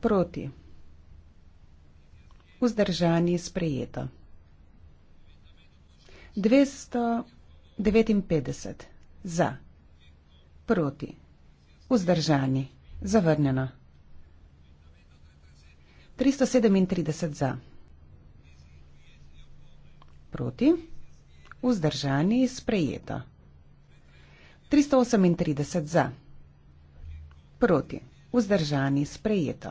Proti. Vzdržani sprejeto. 200. 59 za, proti, vzdržani, zavrnjeno. 337 za, proti, vzdržani, sprejeto. 338 za, proti, vzdržani, sprejeto.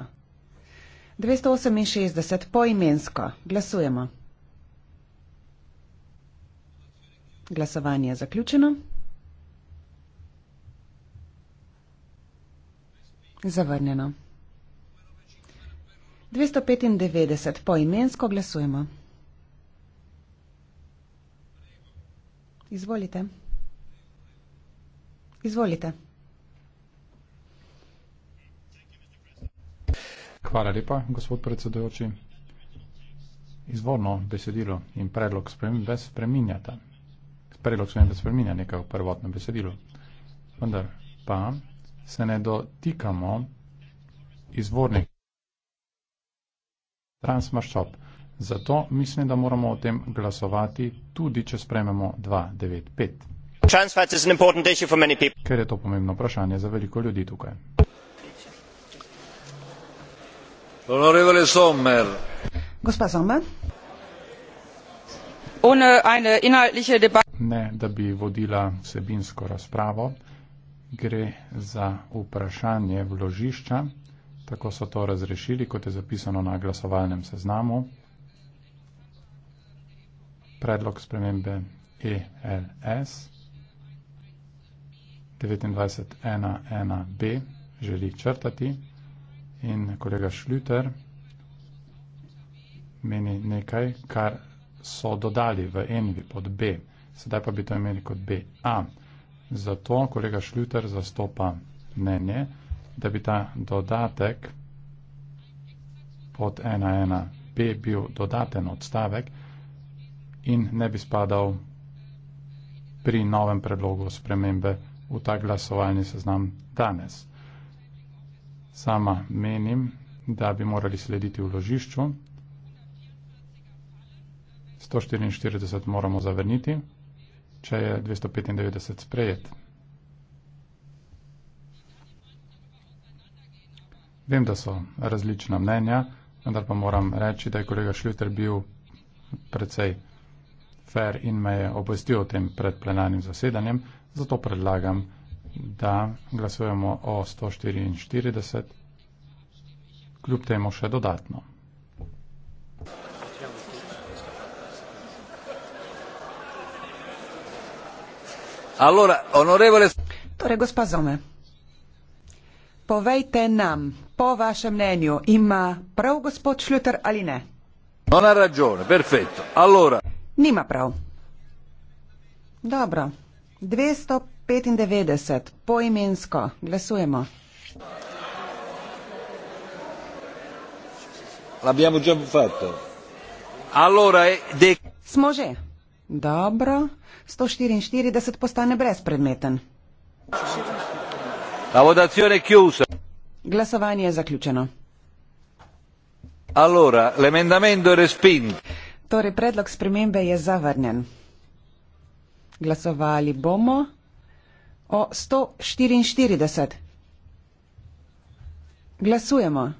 268 poimensko, glasujemo. Glasovanje je zaključeno. Zavrnjeno. 295. Poimensko glasujemo. Izvolite. Izvolite. Hvala lepa, gospod predsedujoči. Izvorno besedilo in predlog spremembe spreminjata predlog spremembe spreminja nekaj v prvotnem besedilu. Vendar pa se ne dotikamo izvornih transmaščob. Zato mislim, da moramo o tem glasovati tudi, če sprememo 295. Ker je to pomembno vprašanje za veliko ljudi tukaj. Honorevole Sommer. Gospa Sommer. Ohne eine inhaltliche debate ne da bi vodila vsebinsko razpravo, gre za vprašanje vložišča, tako so to razrešili, kot je zapisano na glasovalnem seznamu. Predlog spremembe ELS 29.1.1.B želi črtati in kolega Šljuter meni nekaj, kar so dodali v envi pod B sedaj pa bi to imeli kot BA. Zato kolega Šljuter zastopa mnenje, da bi ta dodatek pod 1.1b bil dodaten odstavek in ne bi spadal pri novem predlogu spremembe v ta glasovalni seznam danes. Sama menim, da bi morali slediti v ložišču. 144 moramo zavrniti če je 295 sprejet. Vem, da so različna mnenja, vendar pa moram reči, da je kolega Šljuter bil precej fair in me je obvestil o tem pred plenarnim zasedanjem, zato predlagam, da glasujemo o 144, kljub temu še dodatno. Torej, gospa Zome, povejte nam, po vašem mnenju, ima prav gospod Šljuter ali ne? Non ha ragione, perfetto. Allora. Nima prav. Dobro. 295, poimensko, glasujemo. L'abbiamo già fatto. Allora, eh, de... Smo že. Dobro, 144 postane brezpredmeten. La votazione è chiusa. Glasovanje je zaključeno. Allora, l'emendamento è respinto. Torej, predlog spremembe je zavrnjen. Glasovali bomo o 144. Glasujemo.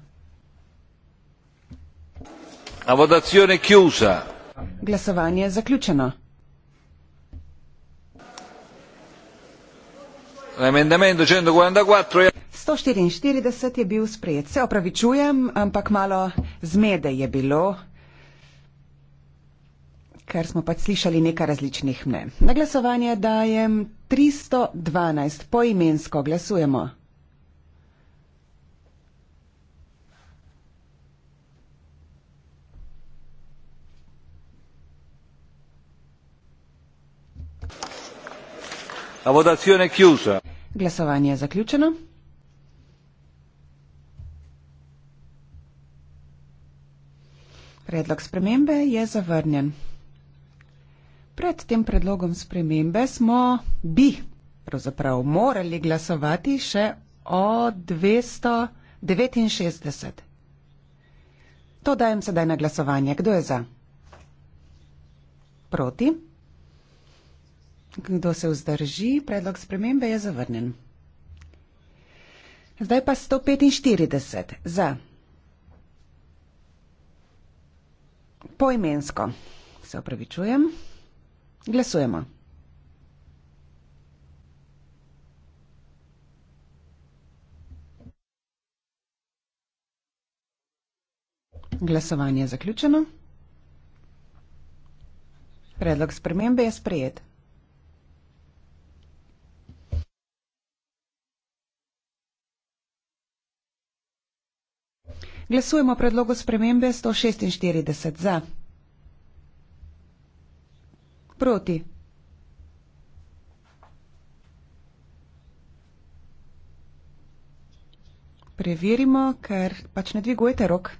La votazione è chiusa. Glasovanje je zaključeno. Emendamento 144 je. 144 je bil sprejet. Se opravičujem, ampak malo zmede je bilo, ker smo pač slišali nekaj različnih mnen. Na glasovanje dajem 312. Poimensko glasujemo. La votazione è chiusa. Glasovanje je zaključeno. Predlog spremembe je zavrnjen. Pred tem predlogom spremembe smo bi pravzaprav morali glasovati še o 269. To dajem sedaj na glasovanje. Kdo je za? Proti? Kdo se vzdrži, predlog spremembe je zavrnen. Zdaj pa 145 za. Poimensko. Se opravičujem. Glasujemo. Glasovanje je zaključeno. Predlog spremembe je sprejet. Glasujemo o predlogu spremembe 146 za. Proti. Preverimo, ker pač ne dvigujete rok.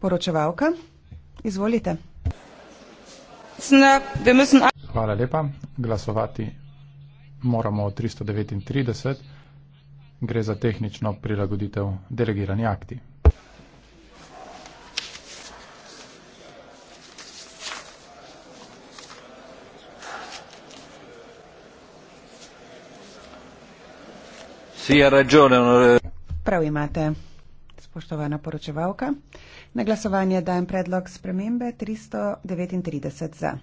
Poročevalka, izvolite. Hvala lepa. Glasovati moramo o 339 gre za tehnično prilagoditev delegirani akti. Prav imate, spoštovana poročevalka. Na glasovanje dajem predlog spremembe 339 za.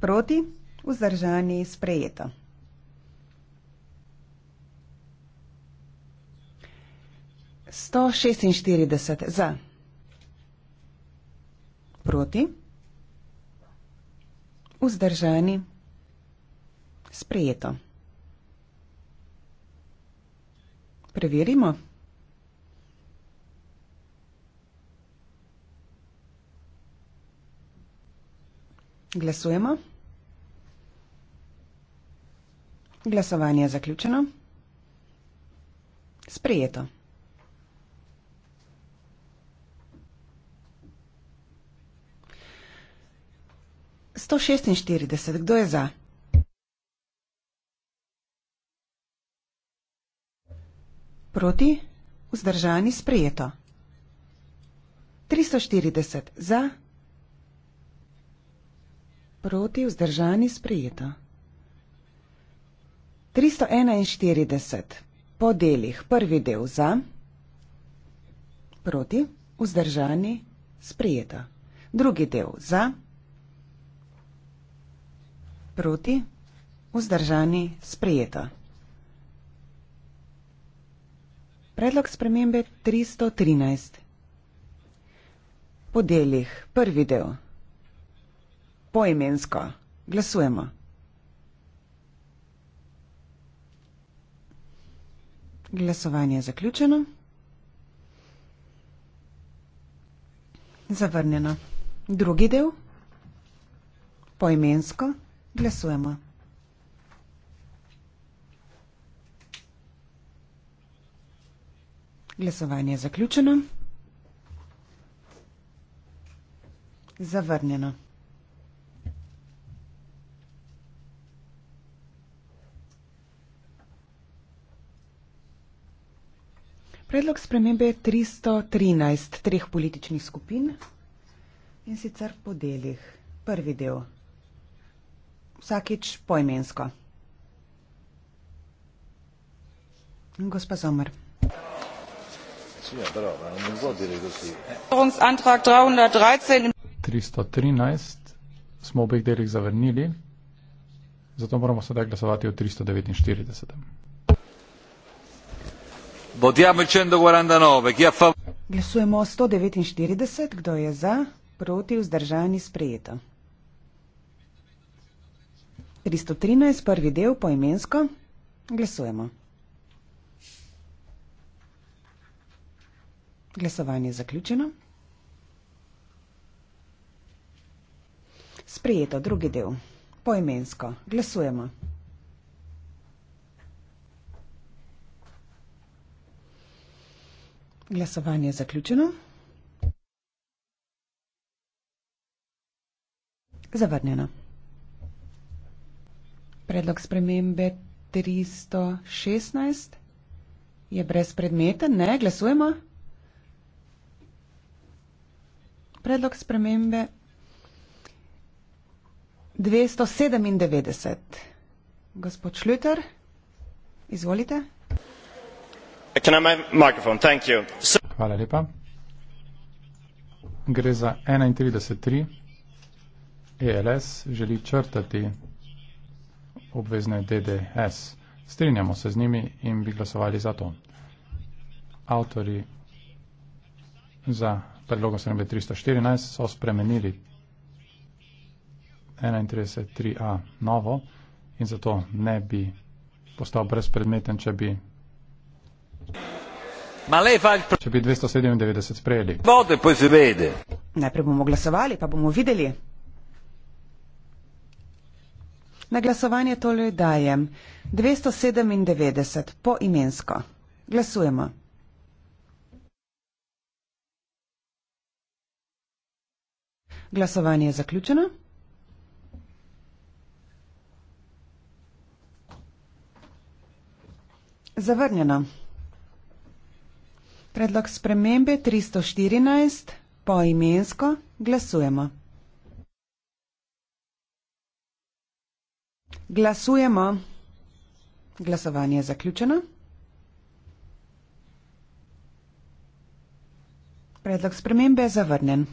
Proti, vzdržani, sprejeto. 146 za, proti, vzdržani, sprejeto. Preverimo. Glasujemo. Glasovanje je zaključeno. Sprejeto. 146, kdo je za? Proti? Vzdržani sprejeto. 340 za, proti vzdržani sprejeto. 341 po delih prvi del za, proti vzdržani sprejeto. Drugi del za. Proti? Vzdržani? Sprejeto. Predlog spremembe 313. Po delih. Prvi del. Poimensko. Glasujemo. Glasovanje je zaključeno. Zavrnjeno. Drugi del. Poimensko. Glasujemo. Glasovanje je zaključeno. Zavrnjeno. Predlog spremembe je 313 treh političnih skupin in sicer po delih. Prvi del vsakič poimensko. Gospa Sommer. Odstavek 313 smo v obeh delih zavrnili, zato moramo sedaj glasovati o 349. Glasujemo o 149, kdo je za, proti, vzdržani, sprejeto. 313, prvi del poimensko. Glasujemo. Glasovanje je zaključeno. Sprejeto, drugi del poimensko. Glasujemo. Glasovanje je zaključeno. Zavrnjeno. Predlog spremembe 316 je brezpredmeten, ne? Glasujemo. Predlog spremembe 297. Gospod Šluter, izvolite. Hvala lepa. Gre za 31.3. ELS želi črtati obvezne DDS. Strinjamo se z njimi in bi glasovali za to. Avtori za predlogo srednje 314 so spremenili 31.3a novo in zato ne bi postal brezpredmeten, če bi. Če bi 297 sprejeli. Najprej bomo glasovali, pa bomo videli. Na glasovanje tole dajem 297 po imensko. Glasujemo. Glasovanje je zaključeno. Zavrnjeno. Predlog spremembe 314 po imensko glasujemo. Glasujemo. Glasovanje je zaključeno. Predlog spremembe je zavrnjen.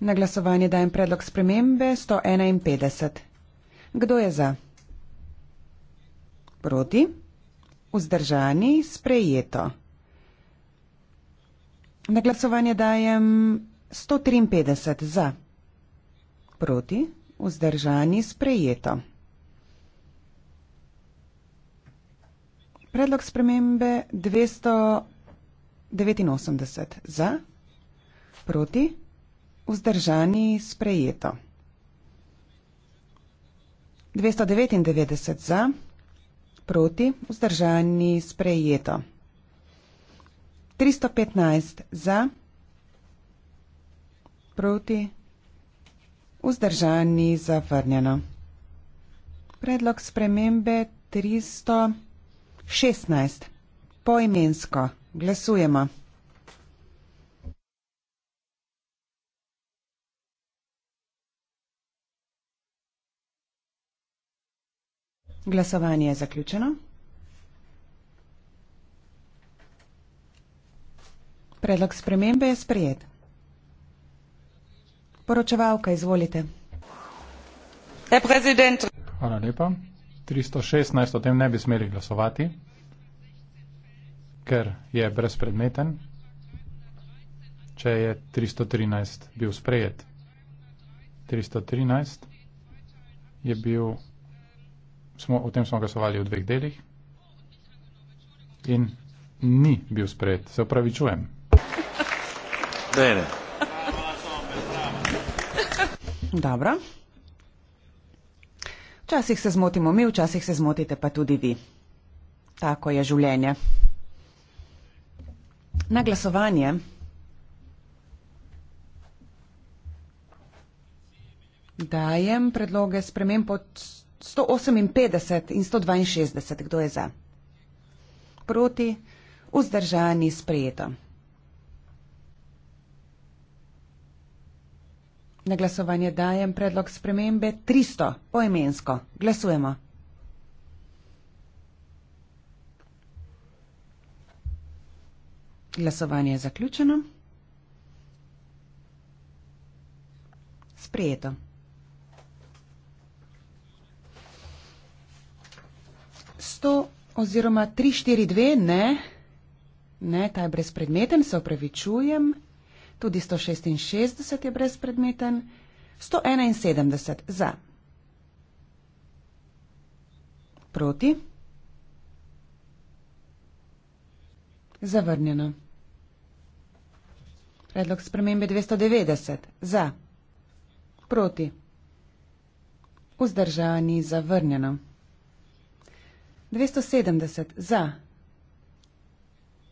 Na glasovanje dajem predlog spremembe 151. Kdo je za? Proti? Vzdržani? Sprejeto. Na glasovanje dajem 153 za. Proti? vzdržani sprejeto. Predlog spremembe 289 za, proti, vzdržani sprejeto. 299 za, proti, vzdržani sprejeto. 315 za, proti, vzdržani sprejeto vzdržani zavrnjeno. Predlog spremembe 316. Poimensko glasujemo. Glasovanje je zaključeno. Predlog spremembe je sprejet. Poročevalka, izvolite. Hvala lepa. 316 o tem ne bi smeli glasovati, ker je brezpredmeten, če je 313 bil sprejet. 313 je bil, smo, o tem smo glasovali v dveh delih in ni bil sprejet. Se upravičujem. Ne, ne. Dobro. Včasih se zmotimo mi, včasih se zmotite pa tudi vi. Tako je življenje. Na glasovanje. Dajem predloge spremem pod 158 in 162. Kdo je za? Proti, vzdržani, sprejeto. Na glasovanje dajem predlog spremembe 300 poemensko. Glasujemo. Glasovanje je zaključeno. Sprejeto. Sto oziroma tri štiri dve, ne, ne, ta je brezpredmeten, se opravičujem tudi 166 je brezpredmeten, 171 za. Proti? Zavrnjeno. Predlog spremembe 290 za. Proti? Vzdržani zavrnjeno. 270 za.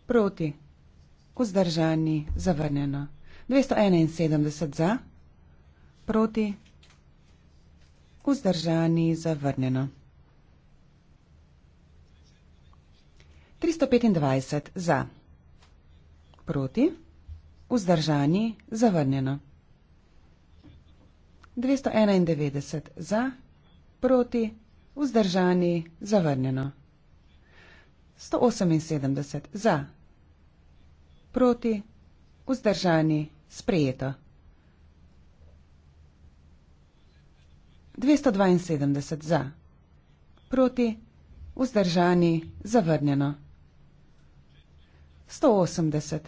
Proti? Vzdržani zavrnjeno. 271 za, proti, vzdržani, zavrnjeno. 325 za, proti, vzdržani, zavrnjeno. 291 za, proti, vzdržani, zavrnjeno. 178 za, proti, vzdržani, zavrnjeno. Sprejeto. 272 za. Proti. Vzdržani. Zavrnjeno. 180.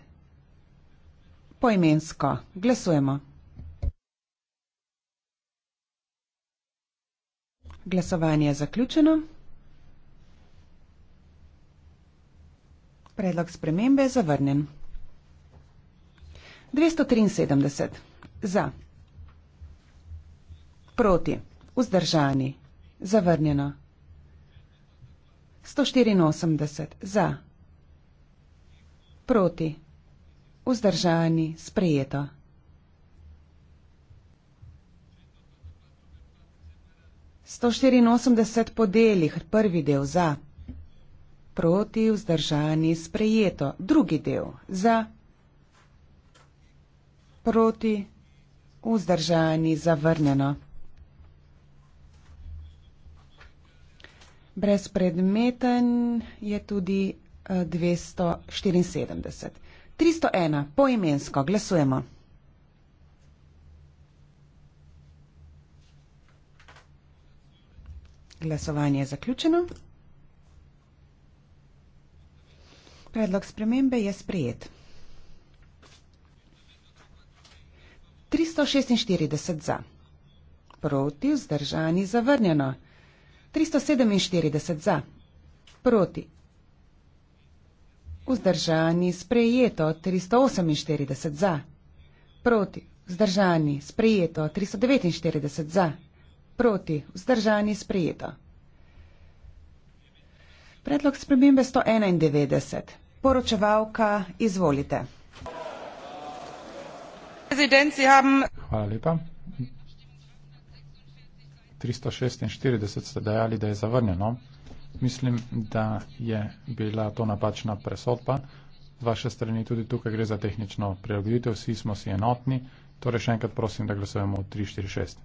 Poimensko. Glasujemo. Glasovanje je zaključeno. Predlog spremembe je zavrnjen. 273 za, proti, vzdržani, zavrnjeno. 184 za, proti, vzdržani, sprejeto. Sto štiriinosemdeset podelih, prvi del za, proti vzdržani sprejeto, drugi del za proti, vzdržani, zavrnjeno. Brezpredmeten je tudi 274. Eh, 301, poimensko, glasujemo. Glasovanje je zaključeno. Predlog spremembe je sprejet. 346 za, proti vzdržani zavrnjeno, 347 za, proti vzdržani sprejeto, 348 za, proti vzdržani sprejeto, 349 za, proti vzdržani sprejeto. Predlog spremembe 191. Poročevalka, izvolite. Prezident, Sie haben Hvala lepa. 346 ste dejali, da je zavrnjeno. Mislim, da je bila to napačna presodba. Z vaše strani tudi tukaj gre za tehnično preobjeditev, vsi smo si enotni. Torej še enkrat prosim, da glasujemo 346.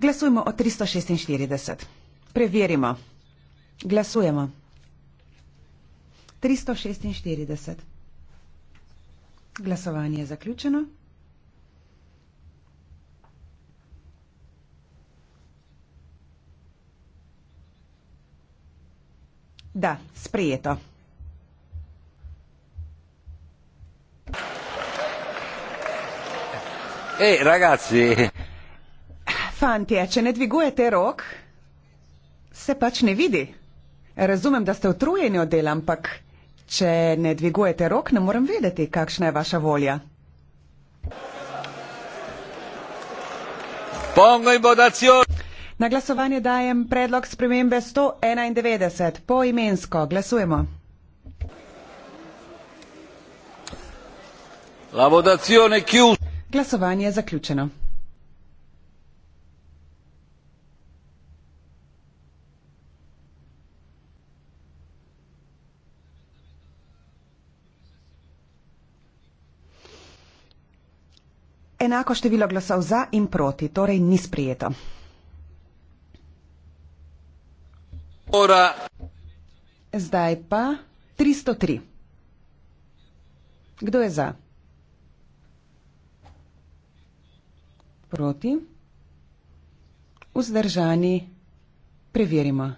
Glasujemo o 346. Preverimo. Glasujemo. 346. Glasovanje je zaključeno. Da, sprejeto. Ej, ragazzi. Fantje, če ne dvigujete rok, se pač ne vidi. Razumem, da ste utrujeni od dela, ampak Če ne dvigujete rok, ne morem vedeti, kakšna je vaša volja. Na glasovanje dajem predlog spremembe 191. Poimensko glasujemo. La votazione è chiusa. Glasovanje je zaključeno. enako število glasov za in proti, torej ni sprijeto. Ora. Zdaj pa 303. Kdo je za? Proti? Vzdržani? Preverimo.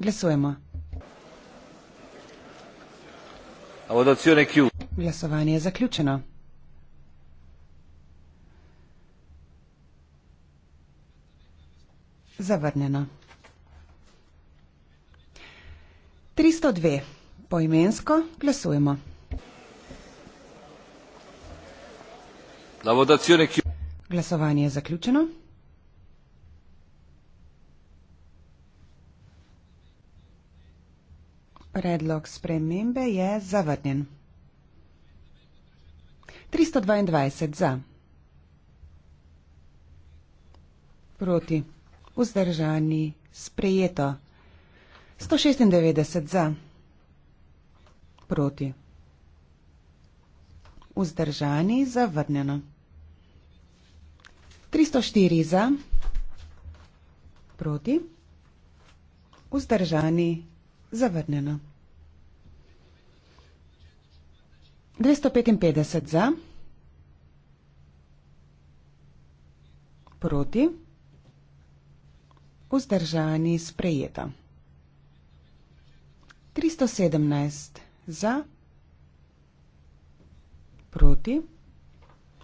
Glasujemo. Glasovanje je zaključeno. Zavrnjeno. 302. Poimensko glasujemo. Glasovanje je zaključeno. Predlog spremembe je zavrnjen. 322 za. Proti vzdržani, sprejeto. 196 za, proti. Vzdržani, zavrnjeno. 304 za, proti. Vzdržani, zavrnjeno. 255 za, proti vzdržani, sprejeta. 317 za, proti,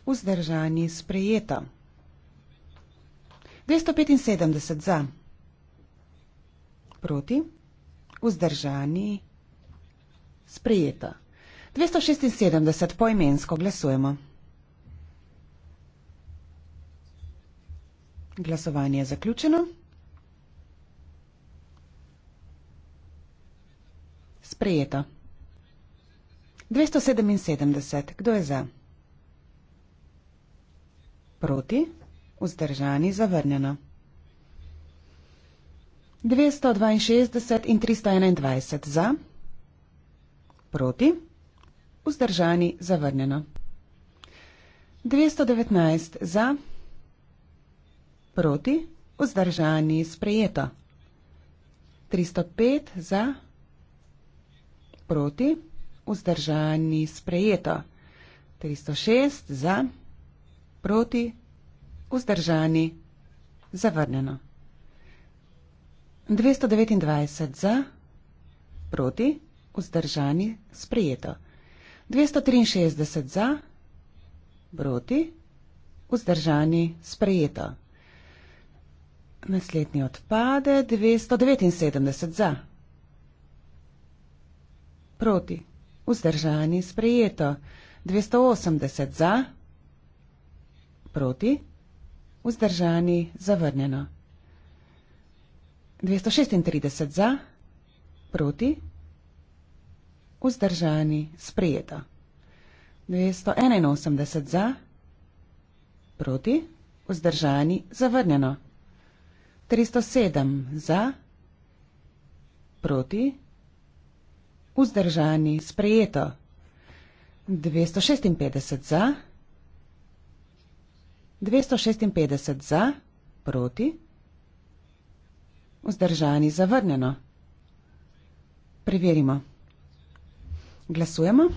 vzdržani, sprejeta. 275 za, proti, vzdržani, sprejeta. 276 poimensko glasujemo. Glasovanje je zaključeno. Sprejeto. 277. Kdo je za? Proti? Vzdržani? Zavrnjeno. 262 in 321 za, proti, vzdržani, zavrnjeno. 219 za, proti, vzdržani, sprejeto. 305 za, proti, vzdržani sprejeto. 306 za, proti, vzdržani, zavrnjeno. 229 za, proti, vzdržani, sprejeto. 263 za, proti, vzdržani, sprejeto. Naslednji odpade 279 za proti, vzdržani sprejeto, 280 za, proti, vzdržani zavrnjeno, 236 za, proti, vzdržani sprejeto, 281 za, proti, vzdržani zavrnjeno, 307 za, proti, vzdržani zavrnjeno. Vzdržani, sprejeto. 256 za, 256 za, proti. Vzdržani, zavrnjeno. Preverimo. Glasujemo.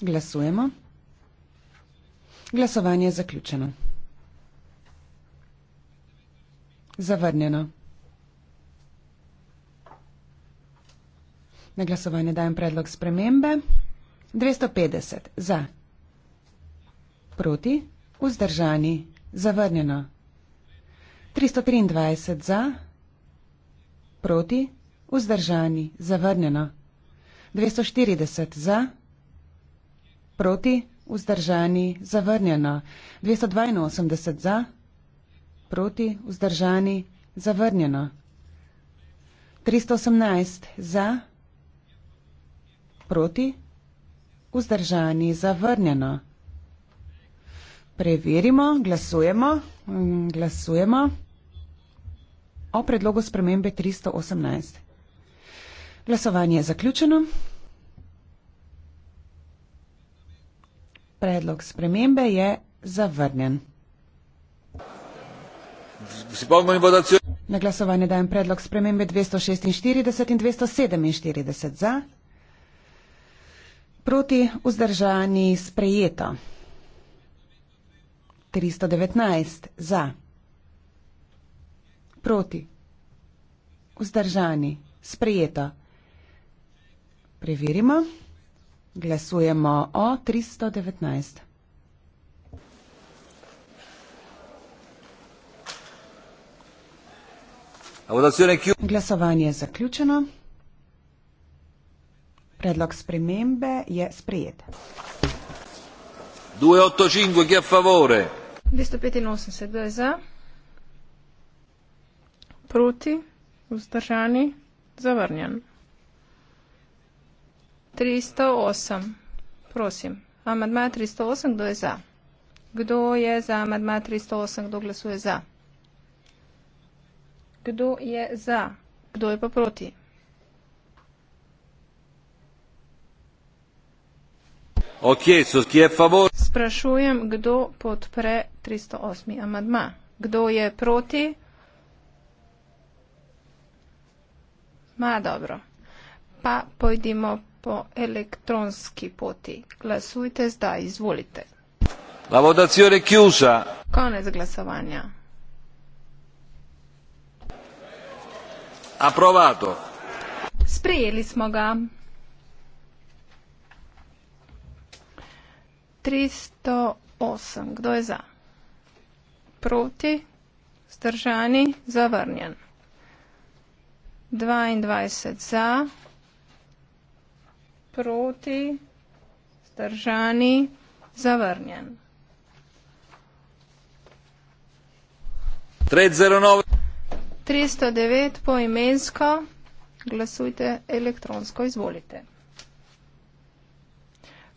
Glasujemo. Glasovanje je zaključeno. Zavrnjeno. Na glasovanje dajem predlog spremembe. 250 za. Proti. Vzdržani. Zavrnjeno. 323 za. Proti. Vzdržani. Zavrnjeno. 240 za. Proti. Vzdržani. Zavrnjeno. 282 za. Proti. Vzdržani. Zavrnjeno. 318 za. Proti. Proti? Vzdržani, zavrnjeno. Preverimo, glasujemo, mm, glasujemo o predlogu spremembe 318. Glasovanje je zaključeno. Predlog spremembe je zavrnjen. Na glasovanje dajem predlog spremembe 246 in 247 za. Proti vzdržani sprejeto. 319 za. Proti vzdržani sprejeto. Preverimo. Glasujemo o 319. Glasovanje je zaključeno. Predlog spremembe je sprejet. 285, ki je favore. 285, kdo je za? Proti, vzdržani, zavrnjen. 308, prosim. Amadma 308, kdo je za? Kdo je za amadma 308, kdo glasuje za? Kdo je za? Kdo je pa proti? Sprašujem, kdo podpre 308. amadma. Kdo je proti? Ma dobro. Pa pojdimo po elektronski poti. Glasujte zdaj, izvolite. La votazione chiusa. Konec glasovanja. Approvato. Sprejeli smo ga. 308. Kdo je za? Proti? Zdržani? Zavrnjen. 22 za. Proti? Zdržani? Zavrnjen. 309. 309 po imensko. Glasujte elektronsko, izvolite.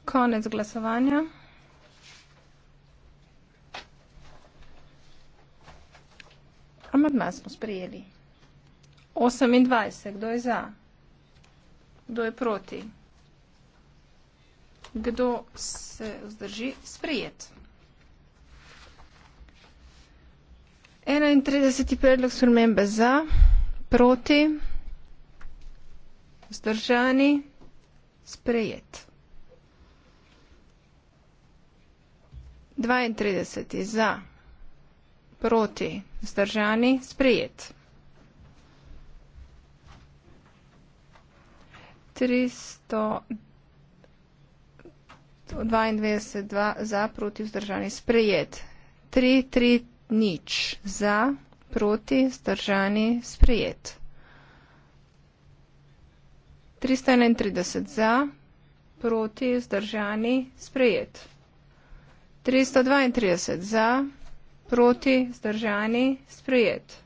Konec glasovanja. Amadma smo sprejeli. 28. Kdo je za? Kdo je proti? Kdo se vzdrži sprejet? 31. predlog spremembe za, proti, vzdržani, sprejet. 32 je za, proti, vzdržani, sprejet. 322 dva, za, proti, vzdržani, sprejet. 3, 3, nič, za, proti, vzdržani, sprejet. 331 za, proti, vzdržani, sprejet. 332 za, proti, zdržani, sprejet.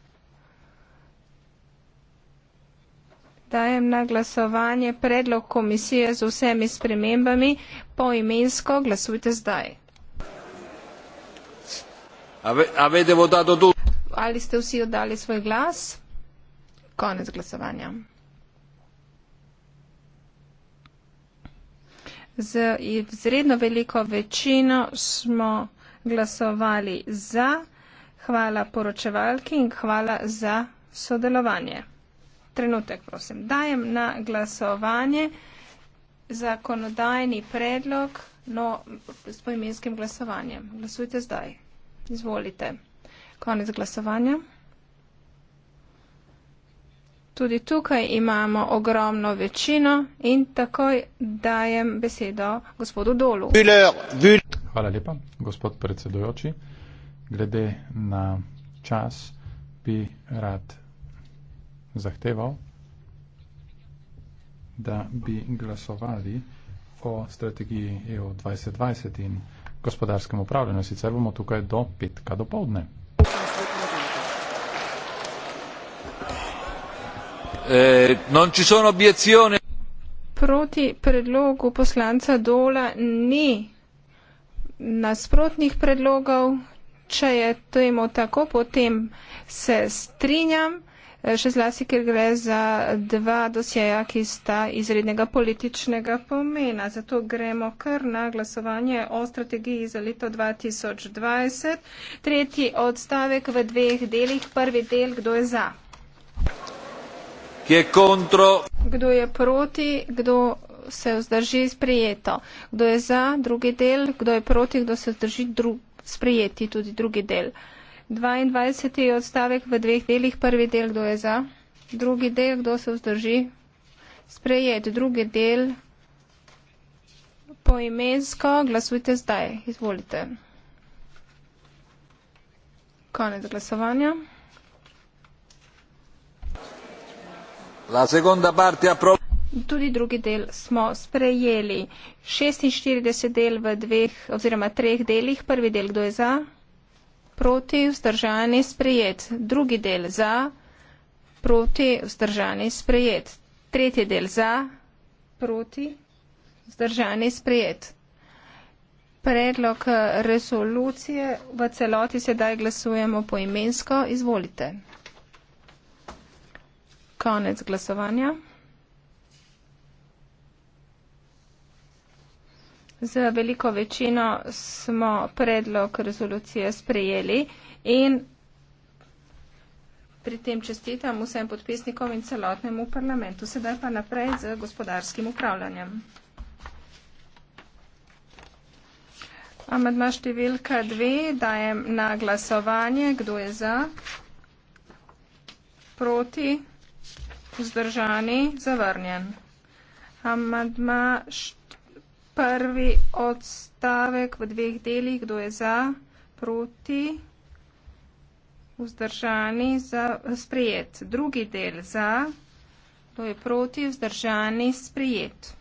Dajem na glasovanje predlog komisije z vsemi spremembami. Poimensko glasujte zdaj. Ali ste vsi oddali svoj glas? Konec glasovanja. Z izredno veliko večino smo glasovali za. Hvala poročevalki in hvala za sodelovanje. Trenutek, prosim. Dajem na glasovanje zakonodajni predlog no, s poimenskim glasovanjem. Glasujte zdaj. Izvolite. Konec glasovanja tudi tukaj imamo ogromno večino in takoj dajem besedo gospodu Dolu. Hvala lepa, gospod predsedojoči. Glede na čas bi rad zahteval, da bi glasovali o strategiji EU 2020 in gospodarskem upravljanju. Sicer bomo tukaj do petka do povdne. Eh, Proti predlogu poslanca Dola ni nasprotnih predlogov. Če je temu tako, potem se strinjam, eh, še zlasti, ker gre za dva dosjeja, ki sta izrednega političnega pomena. Zato gremo kar na glasovanje o strategiji za leto 2020. Tretji odstavek v dveh delih. Prvi del, kdo je za? je kontro. Kdo je proti, kdo se vzdrži sprijeto. Kdo je za drugi del, kdo je proti, kdo se vzdrži dru sprijeti tudi drugi del. 22. odstavek v dveh delih, prvi del, kdo je za, drugi del, kdo se vzdrži sprijeti, drugi del. Poimensko glasujte zdaj. Izvolite. Konec glasovanja. Tudi drugi del smo sprejeli. 46 del v dveh oziroma treh delih. Prvi del, kdo je za? Proti, vzdržani, sprejet. Drugi del za, proti, vzdržani, sprejet. Tretji del za, proti, vzdržani, sprejet. Predlog rezolucije v celoti sedaj glasujemo poimensko. Izvolite konec glasovanja. Z veliko večino smo predlog rezolucije sprejeli in pri tem čestitam vsem podpisnikom in celotnemu parlamentu. Sedaj pa naprej z gospodarskim upravljanjem. Amadma številka dve dajem na glasovanje. Kdo je za? Proti? vzdržani, zavrnjen. Amadma prvi odstavek v dveh delih, kdo je za, proti, vzdržani, za, sprejet. Drugi del za, kdo je proti, vzdržani, sprejet.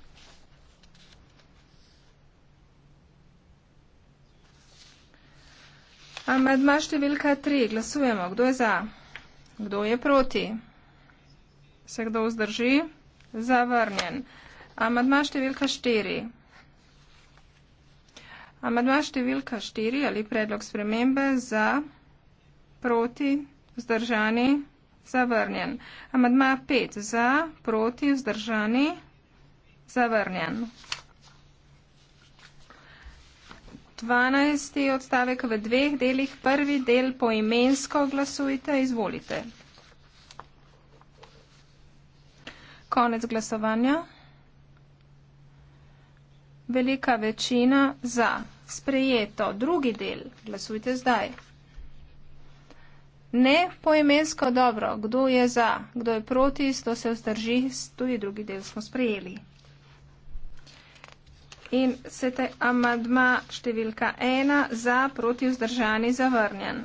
Amadma številka tri, glasujemo, kdo je za, kdo je proti. Se kdo vzdrži? Zavrnjen. Amadma številka 4. Amadma številka 4 ali predlog spremembe za, proti, vzdržani, zavrnjen. Amadma 5 za, proti, vzdržani, zavrnjen. 12. odstavek v dveh delih. Prvi del poimensko glasujte, izvolite. Konec glasovanja. Velika večina za sprejeto. Drugi del. Glasujte zdaj. Ne poimensko dobro. Kdo je za, kdo je proti, sto se vzdrži, tudi drugi del smo sprejeli. In se te amadma številka ena za proti vzdržani zavrnjen.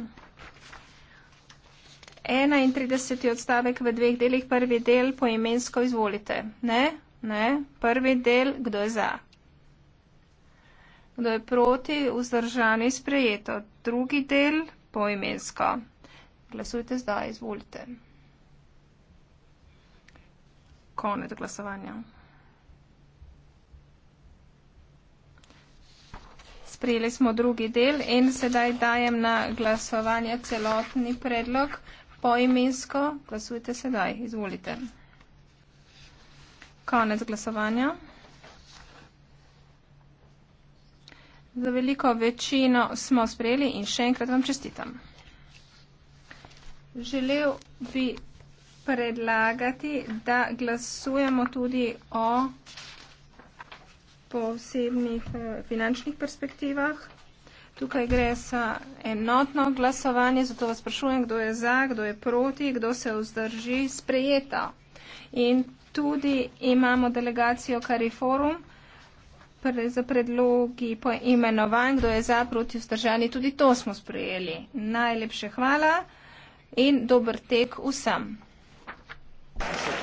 31. odstavek v dveh delih, prvi del poimensko izvolite. Ne, ne, prvi del, kdo je za. Kdo je proti, vzdržani, sprejeto. Drugi del, poimensko. Glasujte zdaj, izvolite. Konec glasovanja. Sprejeli smo drugi del in sedaj dajem na glasovanje celotni predlog poimensko. Glasujte sedaj, izvolite. Konec glasovanja. Za veliko večino smo sprejeli in še enkrat vam čestitam. Želel bi predlagati, da glasujemo tudi o posebnih eh, finančnih perspektivah. Tukaj gre za enotno glasovanje, zato vas sprašujem, kdo je za, kdo je proti, kdo se vzdrži sprejeta. In tudi imamo delegacijo Kariforum za predlogi poimenovanj, kdo je za, proti, vzdržani. Tudi to smo sprejeli. Najlepše hvala in dober tek vsem. Thank you.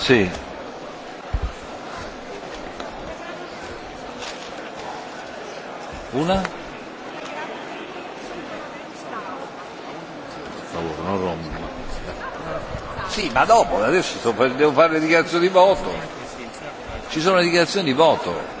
Sí. Una. Lavoro, non rompo. Sì, ma dopo, adesso devo fare le dichiarazioni di voto. Ci sono le dichiarazioni di voto.